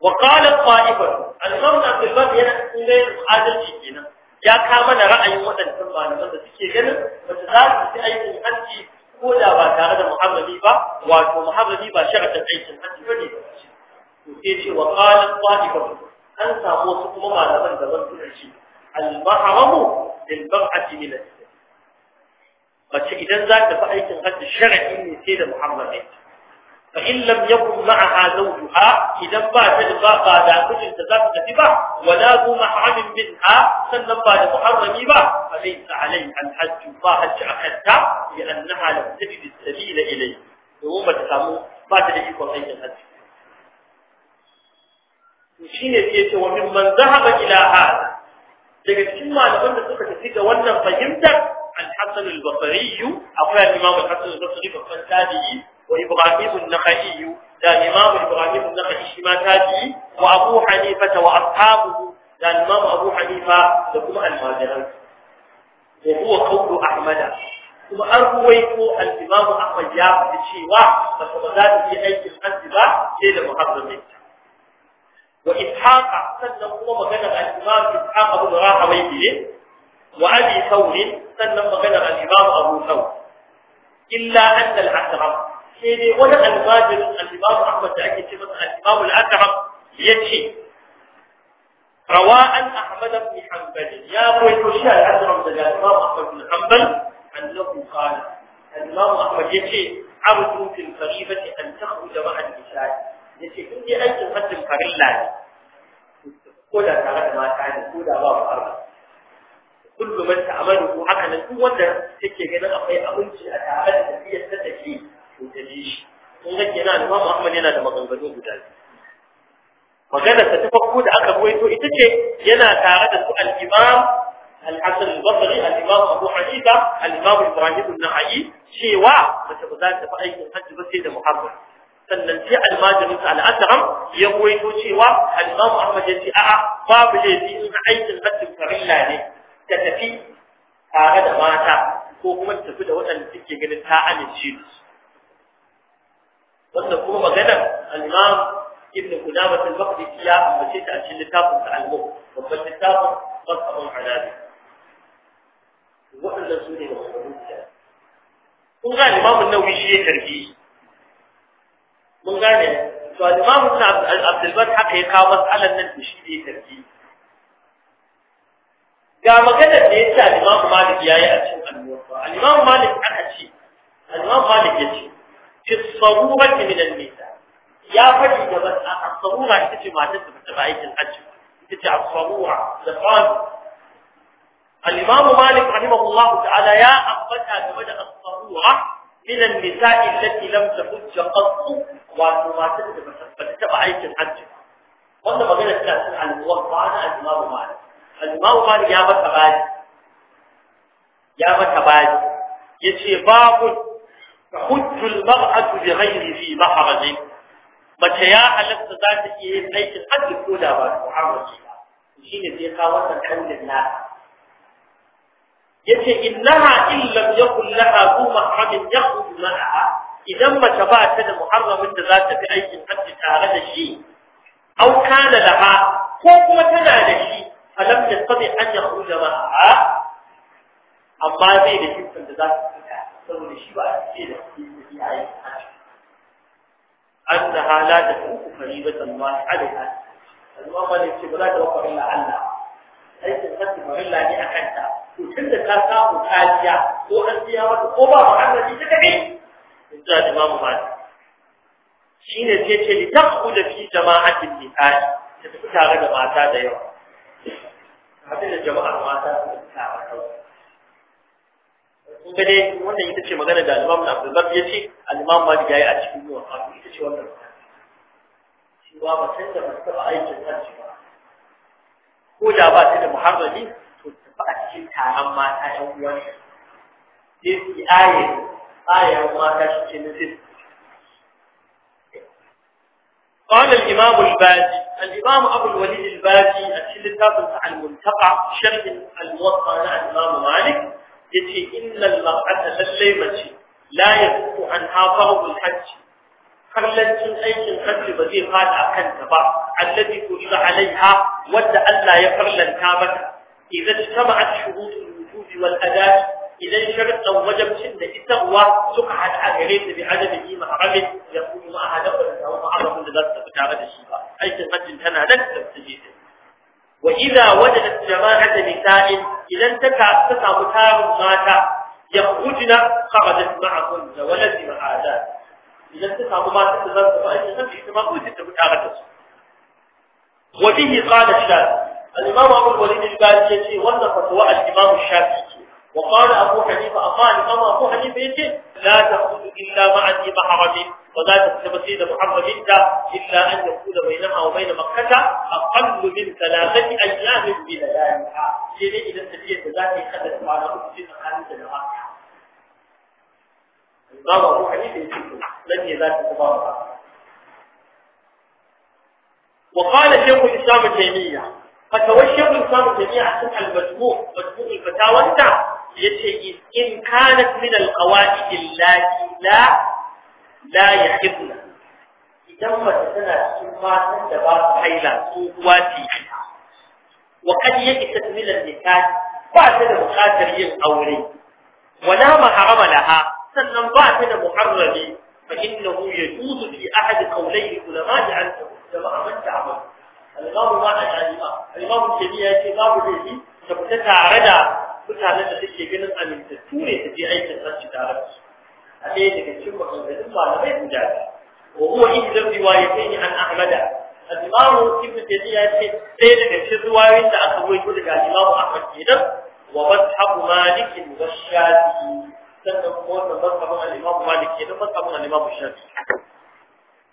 Speaker 1: وقال الطائفة الإمام عبد البر yana cikin adalci kenan ya ka mana ra'ayin waɗannan malaman da suke ganin ba su za su yi aikin hajji ko da ba tare da muhammadi ba wato muhammadi ba sharadin aikin hajji bane to sai ce wa qala an samu wasu kuma malaman da wasu ce al-mahramu lil idan za ta fi aikin hajji sharadi ne sai da muhammadi فإن لم يكن معها زوجها إذا بات الباقى لا كجن تتفت بها ولا ذو محرم منها سنن بعد محرم بها فليس عليها الحج فحج أخذتها لأنها لم تجد السبيل إليه يوم تسامو بات لإيكو أي الحج وشين يتيت وممن ذهب إلى هذا daga cikin malaman da suka tafi ga wannan fahimtar al-Hasan al-Basri akwai al-Imam al-Hasan al-Basri babban tabi'i وإبراهيم النخعي لا إمام إبراهيم النخعي شما وأبو حنيفة وأصحابه لا الإمام أبو حنيفة لكم المازران وهو قول أحمد ثم أرويت الإمام أحمد يا بشيوة فسمدات في أي الأنزبة إلى محظم منك وإسحاق سنن هو مغنى الإمام إسحاق بن راحة ويبيه وأبي ثور سنن مغنى الإمام أبو ثور إلا أن الأشرف sai dai wani albajin al-Imam Ahmad da ake ce masa al-Imam al-Azhar yace rawa an Ahmad ibn Hanbal ya rawaito shi al-Azhar daga Imam Ahmad ibn Hanbal annahu qala al-Imam Ahmad yace abdu fil faribati an takhruj ma'a an-nisa yace in dai aikin hajjin farilla ne ko da tare da mata ne ko da ba farko kullu man ta'amalu haka nan duk wanda yake ganin akwai abinci a tare da tafiyar ta take in ta ji shi kun ga kenan Imam Ahmad yana da maganganu guda biyu magana ta farko da aka ruwaito ita ce yana tare da su al-Imam al-Hasan al-Basri al-Imam Abu Hanifa al-Imam Ibrahim an-Nahayi cewa mace ba za ta fi aikin hajji ba sai da Muhammad sannan sai almajirin sa al-Asram ya ruwaito cewa al-Imam Ahmad ya ce a'a babu laifi in aikin hajji farilla ne ta tafi tare da mata ko kuma ta tafi da waɗanda suke ganin ta amince su wanda kuma maganar al ibn qudamah al-maqdisi ya ambace ta a cikin littafin sa al-muq babban littafin qasabun adabi wanda su ne da kun ga imamun nawawi shi ya tarbi mun gane to al-imam ibn haka ya kawo mas'alan nan da shi ne tarbi ga maganar da ya ce al-imam malik yayi a cikin al-muwatta al-imam malik aka ce al-imam malik ya ce في الصرورة من النساء يا فجي بس أه، الصرورة تجي ما تثبت الحج تجي الصرورة لفان الإمام مالك رحمه الله تعالى يا أبتا بمدى الصرورة من النساء التي لم تحج قط وما تثبت الحج وانا بغير التأثير على الموضوع أنا الإمام مالك الإمام مالك يا بس يا بس غالي يتي باب تحج المرأة بغير ذي محرم mace ya halatta za ta iya yin aikin hajji ko da ba su amince ba shi ne sai kawo wannan kaulin na yace innaha in lam kulla laha zu mahramin yakhruj ma'aha idan mace ba ta da muharramin da za ta fi aikin hajji tare da shi au kana laha ko kuma tana da shi alam yastati an yakhruj ma'aha amma zai da ikon da za su fita saboda shi ba a ce da shi da ya yi an da hala da kuku kari ba tsamma alaka alwa ma ne ce ba za ta wakwa illa Allah aikin sassi ba illa ne a kanta to tun da ka samu kariya ko an siya wata ko ba ba an rabi ta kaɗai in ji alimamu mali shi ne ce ce li ta ku da fi jama'atin ni'ani ta tafi tare da mata da yawa abin da jama'ar mata su tafi tare da yawa kun dai wannan ita ce magana da Imam Abdul Bar yace al-Imam Malik yayi a cikin wannan abu ita ce wannan shi ba ba sai da ba ta aikin hajji ba ko da ba ta da muharrami to ta ba a cikin taron mata ɗan uwan sai su aye ayan mata shi ce na sai
Speaker 2: قال الإمام
Speaker 1: الباجي الإمام أبو الوليد الباجي أسئلة تابعة المنتقع شرح الموطأ عن الإمام مالك yace innal mar'ata lallai mace la yakutu an hafahu hajj kallancin aikin hajji ba zai fada kanta ba allati kullu alaiha wadda Allah ya farlanta mata idan tabaat shurutul wujubi wal adat idan sharuɗan wajabcin da ita uwa suka hada a gare ta bi adadin yi maharamin ya kuma ma'ahadafa da samu ma'arabin da za su tafi tare da shi ba aikin hajjin tana nan da ta ta wa idza wajadat jama'atan nisa'in idan ta samu tarin mata yakhrujna kharajat ma'ahun wa lazima hada idan ta samu mata da zan ba shi san ita ma kuma ta fita da su wa bihi وقال أبو حنيفة أقال أبو حنيفة لا تخرج إلا مع ذي محرم وذات تكتب محمد جدا إلا أن يكون بينها وبين مكة أقل من ثلاثة أيام بليالها يعني إذا السفية ذاتي خدت على أكثر خالد العاقع الضرر روحي في لن تبارك. الضرر وقال شيخ الإسلام الجميع فتوى الإسلام الجميع عن المجموع مجموع الفتاوى انت يتي إن كانت من القواعد التي لا لا يحبنا إذا تنا سماتاً دباب حيلا سواتي وقد يجب من النكاج بعد المخاتر يبقوني ونام حرم لها سنن بعدنا محرمي فإنه يجوز في أحد قوليه كل ما جعلته جماعة من تعمل الإمام ما أجعل يعني إمام الإمام الشبيه يتباب به فبتتعرض فتعرض لكي بنا أن تتوني تجي أي تتعرض أبي تكتشف مقلدين معلمين مجاز وهو إحدى الروايتين عن أحمد الإمام ابن تيمية يقول سيدة في الرواية تأخذ ويقول لك الإمام أحمد كده ومسحب مالك والشافعي سنقول مذهب الإمام مالك كده ومسحب الإمام الشافعي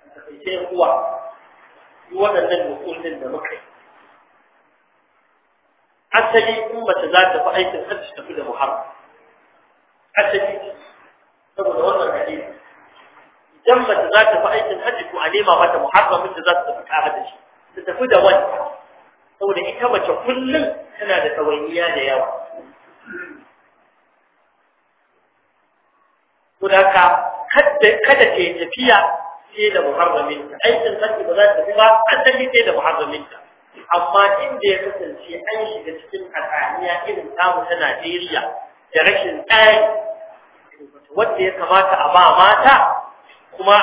Speaker 1: التقيتين هو يوضع للوصول للمكة حتى لي أمة ذات فأيت الحج تفيد محرم حتى لي saboda wannan hadisi idan mace za ta fi aikin haji ko a nema mata muharramin da za ta tafi tare da shi ta tafi da wani saboda ita mace kullum tana da tsawainiya da yawa Kudaka kada ke tafiya sai da muharraminta aikin haji ba za ta tafi ba an tafi sai da muharraminta amma inda ya kasance an shiga cikin hatsaniya irin tamu ta Najeriya da rashin tsari wanda ya kamata a ba mata kuma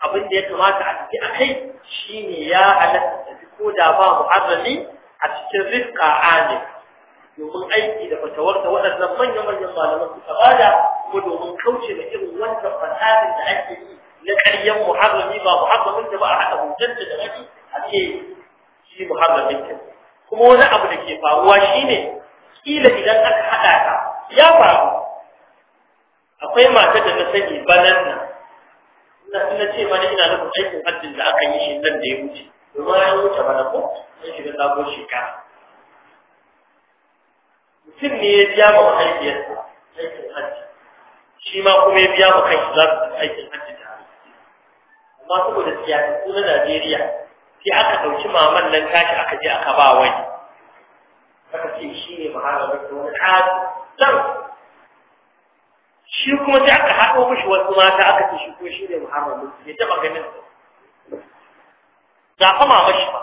Speaker 1: abin da ya kamata a tafi a kai shine ya halatta tafi ko da ba mu'azzami a cikin rifka alim domin aiki da fatawar da waɗannan manyan manyan malaman suka bada kuma domin kauce da irin wannan fasahin da ake yi na ƙaryan muharrami ba muharramin da ba a haɗa hujjanta da wani a ce shi muharramin ta kuma wani abu da ke faruwa shine kila idan aka haɗa ka ya faru akwai matar da na sani banan nan na na ce mana ina da aikin hajjin da aka yi shi nan da ya wuce domin ya wuce bana ko sai shiga sabon shekara mutum ne ya biya ma mahaifiyarsa aikin hajji shi ma kuma ya biya ma kanshi za su aikin hajji da amma saboda siyasa ko na Najeriya sai aka ɗauki maman nan tashi aka je aka ba wani aka ce shi ne maharabar da wani ƙari shi kuma sai aka haɗo mashi wasu mata aka ce shi kuma shi ne muharram ya taɓa ganin ga fama mashi ba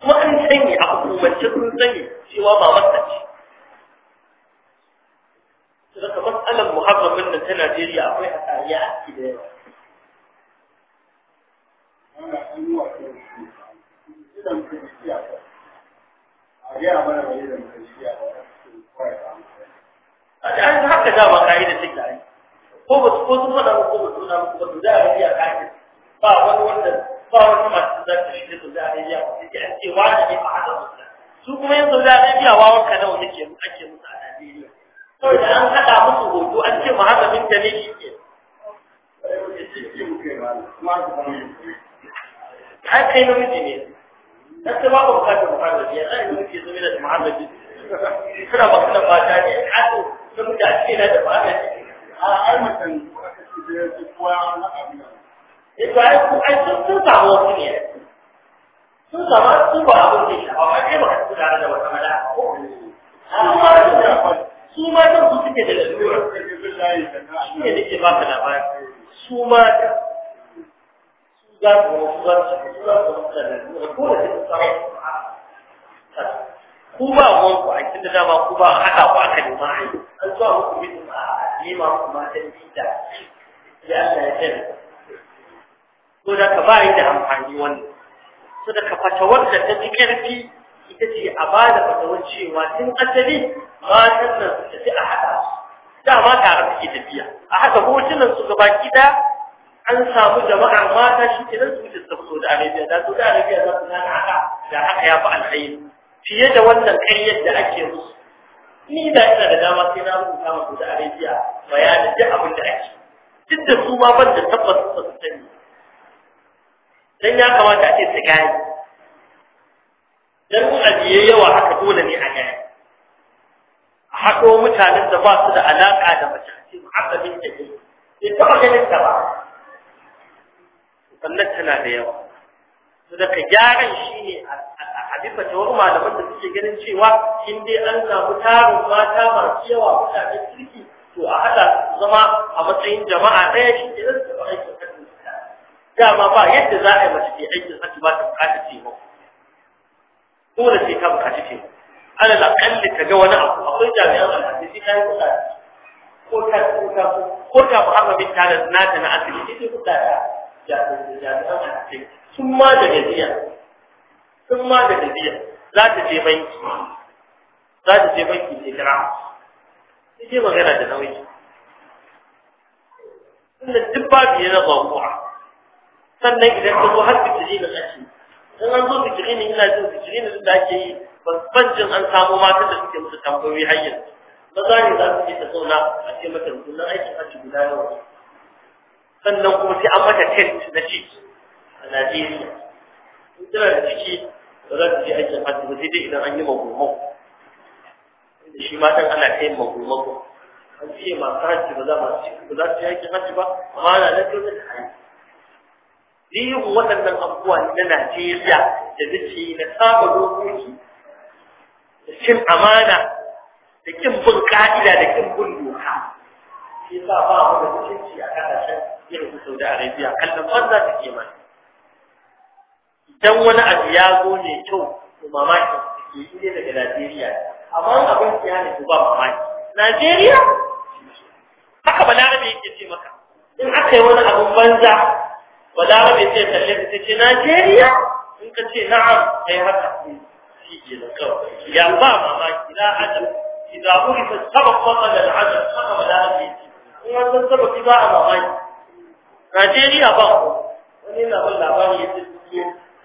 Speaker 1: kuma an sani a hukumance sun sani cewa ba masa ce daga matsalar muhammadin nan ta najeriya akwai hatsariya a ciki da yawa a gaya mana mai da mai shi a wani يعني هكذا قاعده تكلم ko ba ko sun faɗa ko ba suna ko ba da a iya kai ba wani wanda ba wani masu da ta shi da da ariya yake an ce wa ne ba hada wannan su kuma yanzu da ariya wa wanka nawa yake mu ake musu a Najeriya to da an hada musu hoto an ce ma haka min ne shi ke kai kai namiji ne dan ta ba ku ka ta fara da ya kai namiji zai da muhammadi kana ba kana ba ta ne a da mutane a ai mutum aka ce sun sun ke ka ku ba ruwan ku a cikin da dama ku ba haɗa ku aka nema a yi an zuwa muku yi a nima ku matan bida ya Allah ya tsere so da ka ba yi da amfani wannan so da ka fata wanda ta fi karfi ita ce a ba da fatawar cewa tun asali matan nan su tafi a haɗa su dama tare suke tafiya a haka hotunan su gaba gida an samu jama'a mata shi kenan su wuce su da Arabia da Saudi Arabia za su nan haka da haka ya fi alhaini fiye da wannan kan da ake su ni da ina da dama sai na rubuta muku da arabiya bayani duk abin da ake duk da su ma ban da tabbas ba su sani dan ya kamata a ce su gane dan ajiye yawa haka dole ne a gane a haɗo mutanen da ba su da alaƙa da mace a da ke bai taɓa ta ba sannan tana da yawa
Speaker 2: daga gyaran
Speaker 1: shi ne a hadifa ta wani malaman da suke ganin cewa in dai an samu tarin mata masu yawa mutane kirki to a haɗa su zama a matsayin jama'a ɗaya shi ke nan su aikin hajji dama ba yadda za a yi mace ke aikin hajji ba ta bukata taimako da sai ta bukaci taimako ana da kalli ka ga wani abu akwai jami'an alhaji ta yi kuɗa ko ta ko ta ko ta muhammad bin talib nata na asibiti sai kuɗa da jami'an alhaji sun ma da gajiya sun ma da gajiya za ta je banki za ta je banki ce kira ta ce magana da nauyi sannan duk babu ya na bakuwa sannan idan ka zo har na ake in an zo fitinin ina jin fitinin da ake yi ban jin an samu mata da suke musu tambayoyi hanyar. ba maza ne za su je ta zauna a ce mata rukunan aikin hajji guda nawa sannan kuma sai an mata tent na ciki a Najeriya in tana da ciki ba za ta je aikin hajji ba sai dai idan an yi magumau inda shi matan ana kai magumau an fiye masu hajji ba za ma ba za su yi aikin hajji ba amma ana nan dole da hajji ni yin waɗannan abubuwa na Najeriya da nake na saba dokoki da cin amana da kin bin ka'ida da kin bin doka shi sa ba mu da cikin a kasashen irin su Saudi Arabia kallon ta ke mana dan wani abu ya zo ne kyau to mamaki ke ide daga Najeriya amma abin ya ne ba mamaki Najeriya haka balarabe yake ce maka in aka yi wani abin banza balarabe sai kalle ta ce Najeriya in ka ce na'am kai haka shi ke da kawai ya ba mamaki la adam idan urifa sabab faqad da adam haka balarabe yake in an san sabab ba a mamaki Najeriya ba wani labarin labarin yake ya ce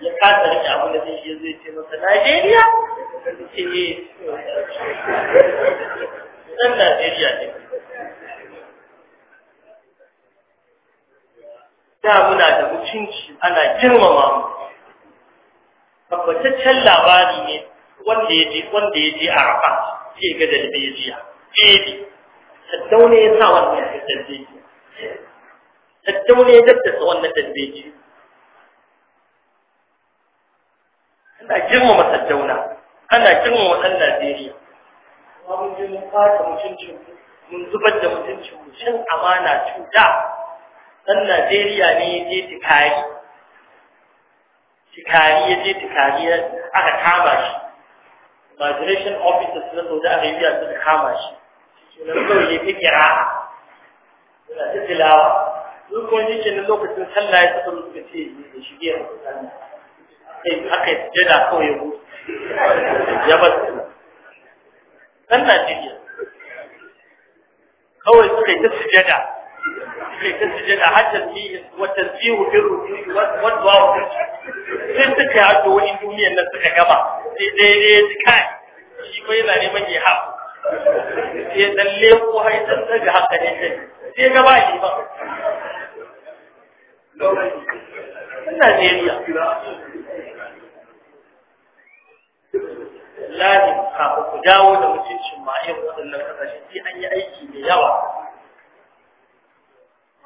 Speaker 1: ya kasa rike abin da zai yi zai ce masa Najeriya eh, ce ɗan Najeriya ne da muna da mutunci ana girmama mu tabbataccen labari ne wanda ya je wanda ya je a rafa ke ga da Najeriya eh tattaune ya sa wannan tadbeji tattaune ya daddasa wannan tadbeji Ana girma masaddauna. ana wa ɗan Najeriya amma mun je mun fata mutuncin mun zubar da mutuncin mu shin amana cuta ɗan Najeriya ne ya je tikari tikari ya je tikari aka kama shi migration officers na Saudi Arabia suka kama shi shi ne kawai ya fi kira yana ta tilawa duk wani yake lokacin sallah ya taɓa lokacin da shige a sai aka sujada kawai ya gudu ya ba Ɗan Najeriya kawai suka yi ta sujada suka yi ta sujada hajjar fiye wa tanzihu fi rukui wa du'a sai suka yi hajjo wani duniyar nan suka gaba sai daidai su kai shi ko yana neman ya hafu sai dan leko har ta san daga haka ne sai sai gaba ne ba Najeriya lazim kafin ku dawo da mutuncin ma irin waɗannan kasashe sai an yi aiki mai yawa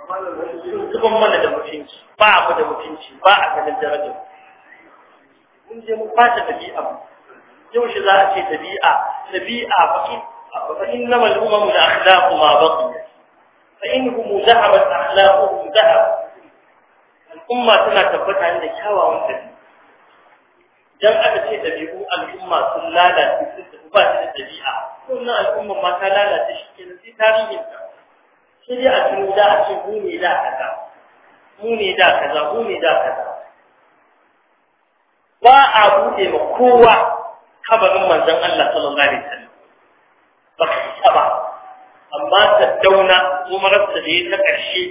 Speaker 1: sun zuban mana da mutunci ba abu da mutunci ba a ganin darajar mun je mu fata dabi'a yau shi za a ce dabi'a dabi'a fakin fa inna mal umam la akhlaqu ma baqi fa innahum dhahabat akhlaquhum dhahab al umma tana tabbata da kyawawan dabi'a idan aka ce dabi'u al'umma sun lalace sun tafi ba da dabi'a to na al'umma ma ta lalace shi ke da tarihin ta sai dai a cikin da a ce mu ne da kaza mu ne da kaza mu ne da kaza ba a bude ma kowa kabarin manzon Allah sallallahu alaihi wasallam ba ka ba amma ta dauna umarar da ya ta ƙarshe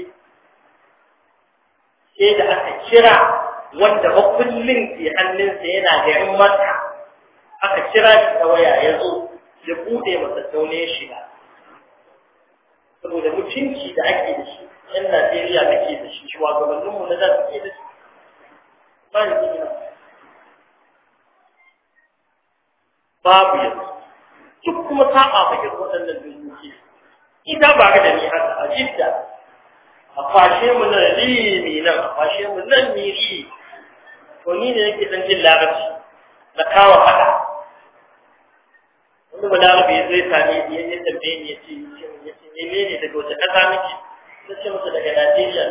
Speaker 1: sai da aka kira wanda makullin ke hannunsa yana garin mata aka kira shi ta waya ya zo ya bude masa taune shiga saboda mutunci da ake da shi yan najeriya muke da shi shugabanninmu na da suke da shi ba ni babu yanzu duk kuma saba ba irin waɗannan dokoki ita ba ga da ni haka a jidda a kwashe mu nan limi nan a kwashe mu nan miri to ni ne yake dan jin larabci na kawo ba
Speaker 2: wani balarabe zai sami ya
Speaker 1: yi tambaye ne ya ce ne ne daga wata ƙasa muke ta ce masa daga najeriya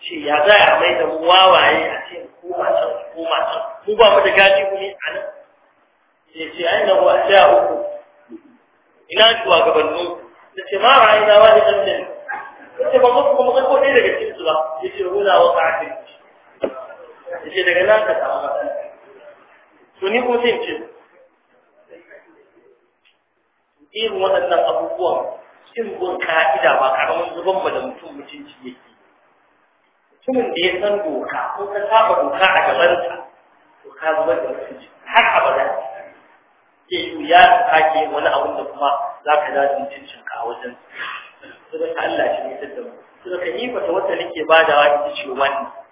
Speaker 1: shi ya za a mai da wawaye a ce ko ba san ko ba san mu ba mu da gaji ku ne a nan ya ce ai na wa sha uku ina shugabannu da ce ma ra'ayi na wani ɗan da ya ce ba mu kuma ko ɗaya daga cikin su ba ya ce ruwa wa ka'afin yace daga nan ka samu matsala to ni kuma sai ce irin waɗannan abubuwan cin bin ka'ida ba karamin zuban ba da mutum mutunci yake mutumin da ya san doka ko ka saba doka a gabanta to ka zubar da mutunci har abada ke yi ya kake wani abun da kuma za ka da mutuncin ka a wajen su da Allah shi ne da mu su da ka yi fata wata nake ba da wa ita ce wannan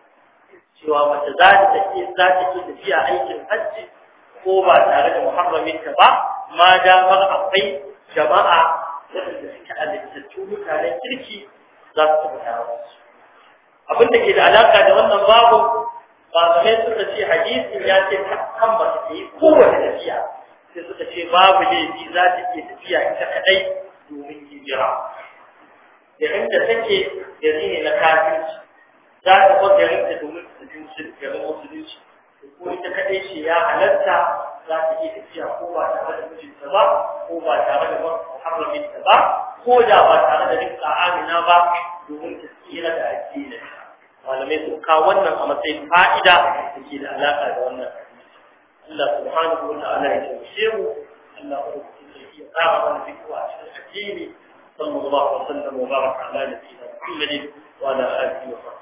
Speaker 1: cewa mace za ta iya za ta iya tafiya aikin hajji ko ba tare da muharramin ta ba ma damar akwai jama'a waɗanda suke halittattu mutanen kirki za su tafi tare abin da ke da alaka da wannan babu malamai suka ce hadisin ya ce kan ba ta yi kowace tafiya sai suka ce babu laifi za ta iya tafiya ita kaɗai domin hijira da inda take yanzu ne na kafinci za ka zo garin ta domin musulunci garin musulunci ko ita kaɗai ce ya halatta za ta iya tafiya ko ba tare da mijinta ba ko ba tare da muharraminta ba ko da ba tare da rika amina ba domin ta tsira da addinin malamai sun kawo wannan a matsayin fa'ida da ke da alaƙa da wannan Allah subhanahu wa ta'ala ya taushe mu Allah ya taushe ya tsara mana fikwa a cikin addini sallallahu alaihi wa sallam wa baraka ala nabiyyina Muhammadin wa ala alihi wa sahbihi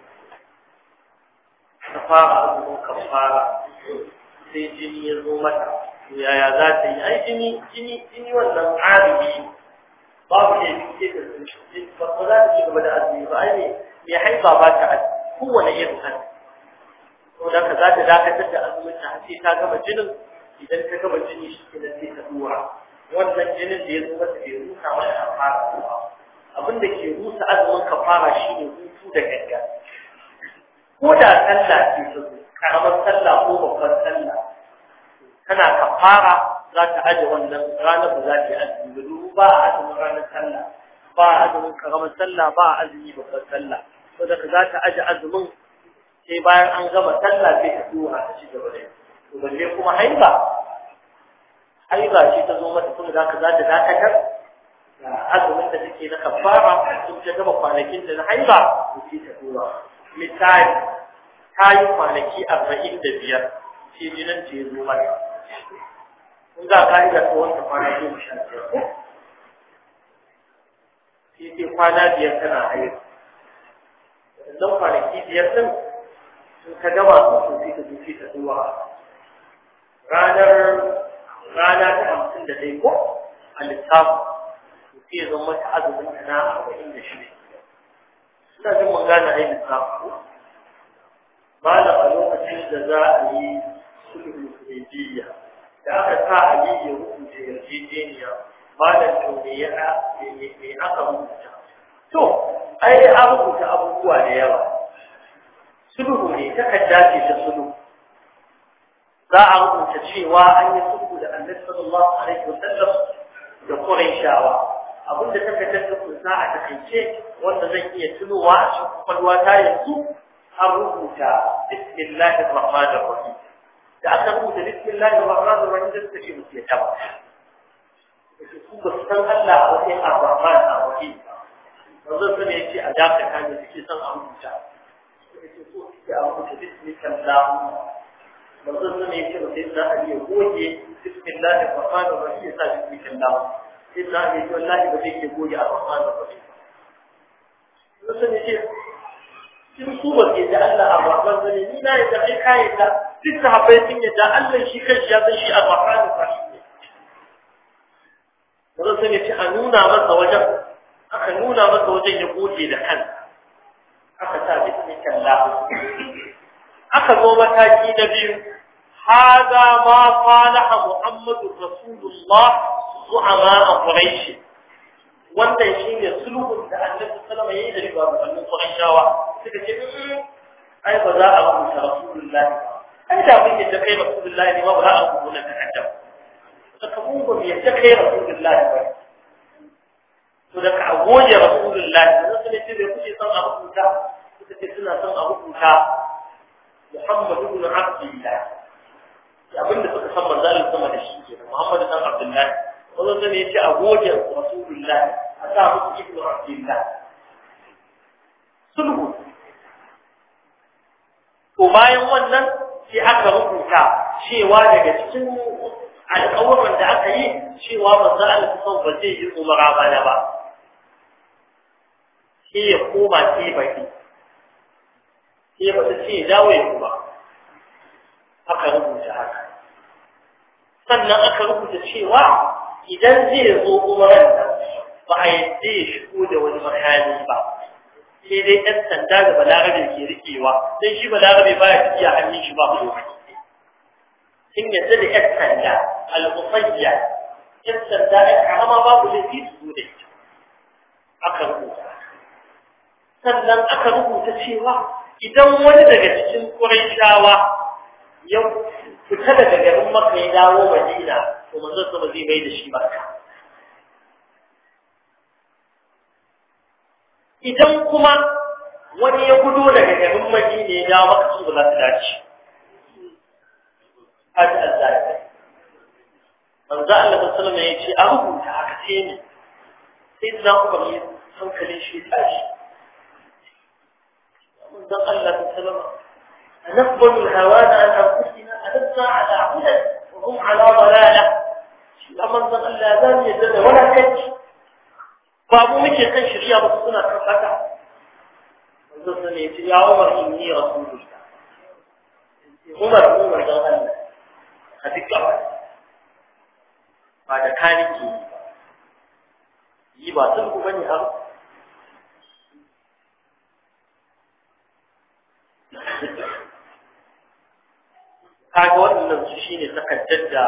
Speaker 1: ta fara azumin kafara sai jini ya zo mata to yaya za ta yi ai jini jini jini wannan aribi babu ne ke da shi ba ko za ta ci gaba da azumi ba ai ne me haifa ba ta kowane irin hali to da ka za ta dakatar da azumin ta sai ta gama jinin idan ka gama jini shi ke da sai ta duwa wannan jinin da ya zo mata bai rusa mata kafara ba abin da ke rusa azumin kafara ne hutu da gani ko da sallah ce ta karamar sallah ko babbar sallah kana kafara za ta aje wannan ranar da za ta azumi da ba a azumin ranar sallah ba a azumin karamar sallah ba a azumi babbar sallah to da za ta aje azumin sai bayan an gama sallah sai ta duwa ta ci gaba da to balle kuma haiba haiba ce ta zo mata kuma za ka za ta dakatar azumin da take na kafara sun ta gama kwanakin da na haiba to sai ta duwa misali ta yi kwanaki arba'in da biyar sai jinin ta yi zo mata kun za ka iya tsohon ta kwana goma sha biyar ko sai sai kwana biyar tana haihu sannan kwanaki biyar din sun ka gama su fi ta zuci ta zuwa ranar rana ta hamsin da ɗaya ko a lissafi sai zama ta azumin ta na arba'in da shida ina jin mun gane ainihin samu malam a lokacin da za a yi sulhu hudaybiya da aka sa ali ya rubuta yarjejeniya ba to me ya me aka rubuta to ai an rubuta abubuwa da yawa sulhu ne takarda ce ta sulhu za a rubuta cewa an yi sulhu da annabi sallallahu alaihi wasallam da qurayshawa abin da takardar ta kunsa a takaice wanda zan iya tunowa a cikin kwakwalwa ta yanzu an rubuta bismillahir rahmanir rahim da aka rubuta bismillahir rahmanir rahim da take musu ya taba su ba su san Allah a wajen ar-rahman ar-rahim wanzu su ne yake a dafa kan da suke son a rubuta suke so suke a rubuta bismillahir manzon sun yake ba sai da a ya goge bismillahir rahmanir rahim ya sa bismillah illa ne wallahi ba zai ke goge ar-rahman ar-rahim sun ce sun su ba ke da Allah ar-rahman da duk sun Allah shi ya shi rahman wanda sun ce a nuna masa wajen aka nuna masa wajen ya goge da kansa aka sa bismillah aka zo mataki na biyu هذا ما صالح محمد رسول الله zu'ama quraish wannan shine sulhun da Annabi sallallahu alaihi wasallam yayi da shugabannin Qurayshawa suka ce ai ba za a kusa Rasulullahi ai da mun yadda kai Rasulullahi ne ba ba za a kusa nan kaddam saka mun mm, ba yadda kai Rasulullahi ba to da ka goje Rasulullahi sai ne ce bai kuke son a hukunta suka ce suna son a hukunta Muhammad ibn Abdullah abinda suka san manzalin sama da shi ke Muhammad ibn Abdullah wannan zai yace a wasu rasulullahi a sa musu ibnu abdullah sulhu to bayan wannan sai aka rubuta cewa daga cikin alƙawarin da aka yi cewa manzo Allah kusan ba zai yi umara bana ba sai ya koma sai baki sai ya fata sai ya dawo ya kuma aka rubuta haka sannan aka rubuta cewa idan zai zo umaran nan ba a yi ya shigo da wani makani ba sai dai ɗan sanda da balarabe ke rikewa don shi balarabe ba ya tafiya hannun shi ba ku sun yadda da ɗan sanda al'ufayya ɗan sanda ɗan karama babu laifi su zo da ita aka rubuta sannan aka rubuta cewa idan wani daga cikin ƙurai shawa ya fita daga garin maka ya dawo madina to manzon sama zai mai da shi makka idan kuma wani ya gudo daga garin madina ya dawo maka su ba za ta dace hadi azzalika manzo Allah sallallahu alaihi ya ce a rubuta haka ce ne sai da ku bari hankalin shi tashi manzo Allah sallallahu alaihi أنقبل الهوان عن أنفسنا أنبنى على عدد وهم على ضلالة shi a manzan Allah za mu yadda da wadatanci babu muke kan shirya ba suna kan haka manzan sa ne ce ya umar in ni rasulullah umar umar don Allah a duk gaba ba da kaniki yi ba sun ku bane har kaga wannan su shine takaddar da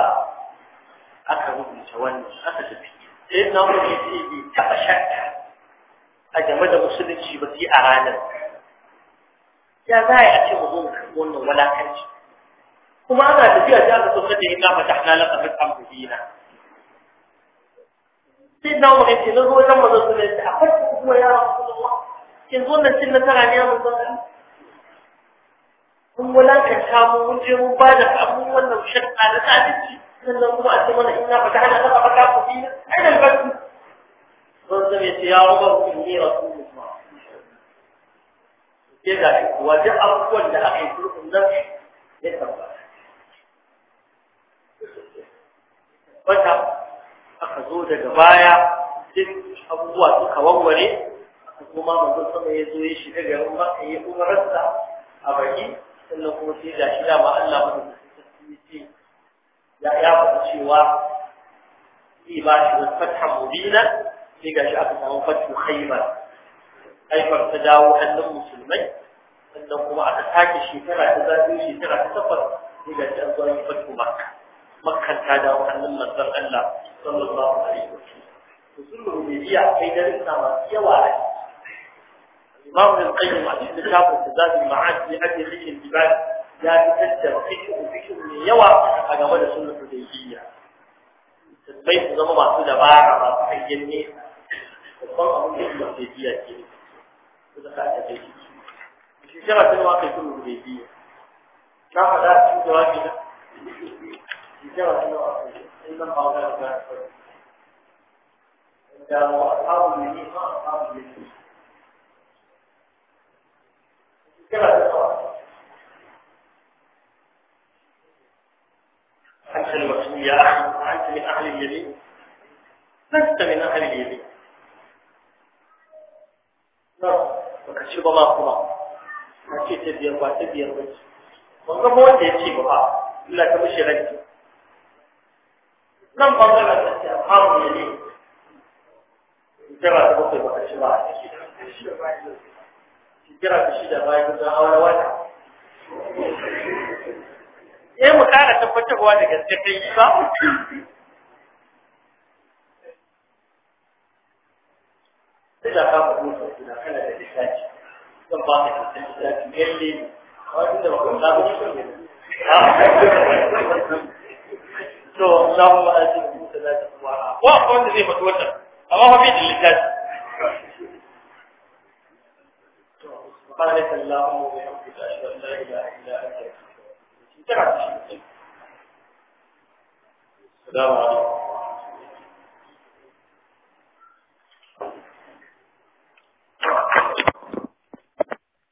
Speaker 1: aka rubuta wannan aka tafi sai na umar ya ce bai taɓa shakka a game da musulunci ba sai a ranar ya za a ce mu zuwa wannan walakanci kuma ana tafiya sai aka saukar da ina fatahna laka fatan mubina sai na umar ya ce na zo wajen mazan su ne a farko kuma ya rasu zo na cin nasara ne ya mun zama mun wulakanta mu mun je mun ba da abun wannan shakka na sadiki sannan kuma a ce mana ina na fata hana zama fata ku fi aina albarku ban zama ya ce ya umar ku ne rasulullah ke ga shi kuwa duk abubuwan da aka yi sulhun nan ya tabbata wata aka zo daga baya duk abubuwa suka warware aka zo ma manzon sama ya zo ya shiga garin maka ya umararsa a baki sannan kuma sai ga shi ma Allah mutum ya ce ya ya faɗi cewa zai ba shi wani fathan mubina sai ga shi aka samu fatu khaybar haifar ta dawo hannun musulmai sannan kuma aka sake shekara ta zafi shekara ta takwas sai ga shi an zo yi fatu makka makkan ta dawo hannun manzon Allah sallallahu alaihi wa sallam usulul bidiya kai da rinka masu yawa a Imam Ibn Qayyim a cikin littafin Zadul Ma'ad fi Hadith al-Ibad ya fitar da fikihu yawa a game da sunan hudaybiyya tabbai su zama masu dabara masu kayyan ne babban abin da sunan ke su da ka tafi shi shara ta wa kai sunan hudaybiyya na faɗa cikin jawabi na shi shara ta wa kai sunan bawa da ka da wa ashabu ne ma ashabu ne shi shara ta wa أنت المسلم يا أحمد أنت من أهل اليمين لست من أهل اليمين نعم وكشف الله قمع نشي تبير وتبير وجه وانك موجه يشي بها إلا تبشي غيره لم تنظر أن تبشي أبحار اليمين انترى تبطي وكشف الله انترى تبشي دعوائي انترى تبشي دعوائي انترى تبشي دعوائي sai eh, mu kara tabbatarwa da gaske kai ba sai da ka mu da ba da lissafi yalle da ba ka mu mutu to ta wa wa da tana da shi السلام عليكم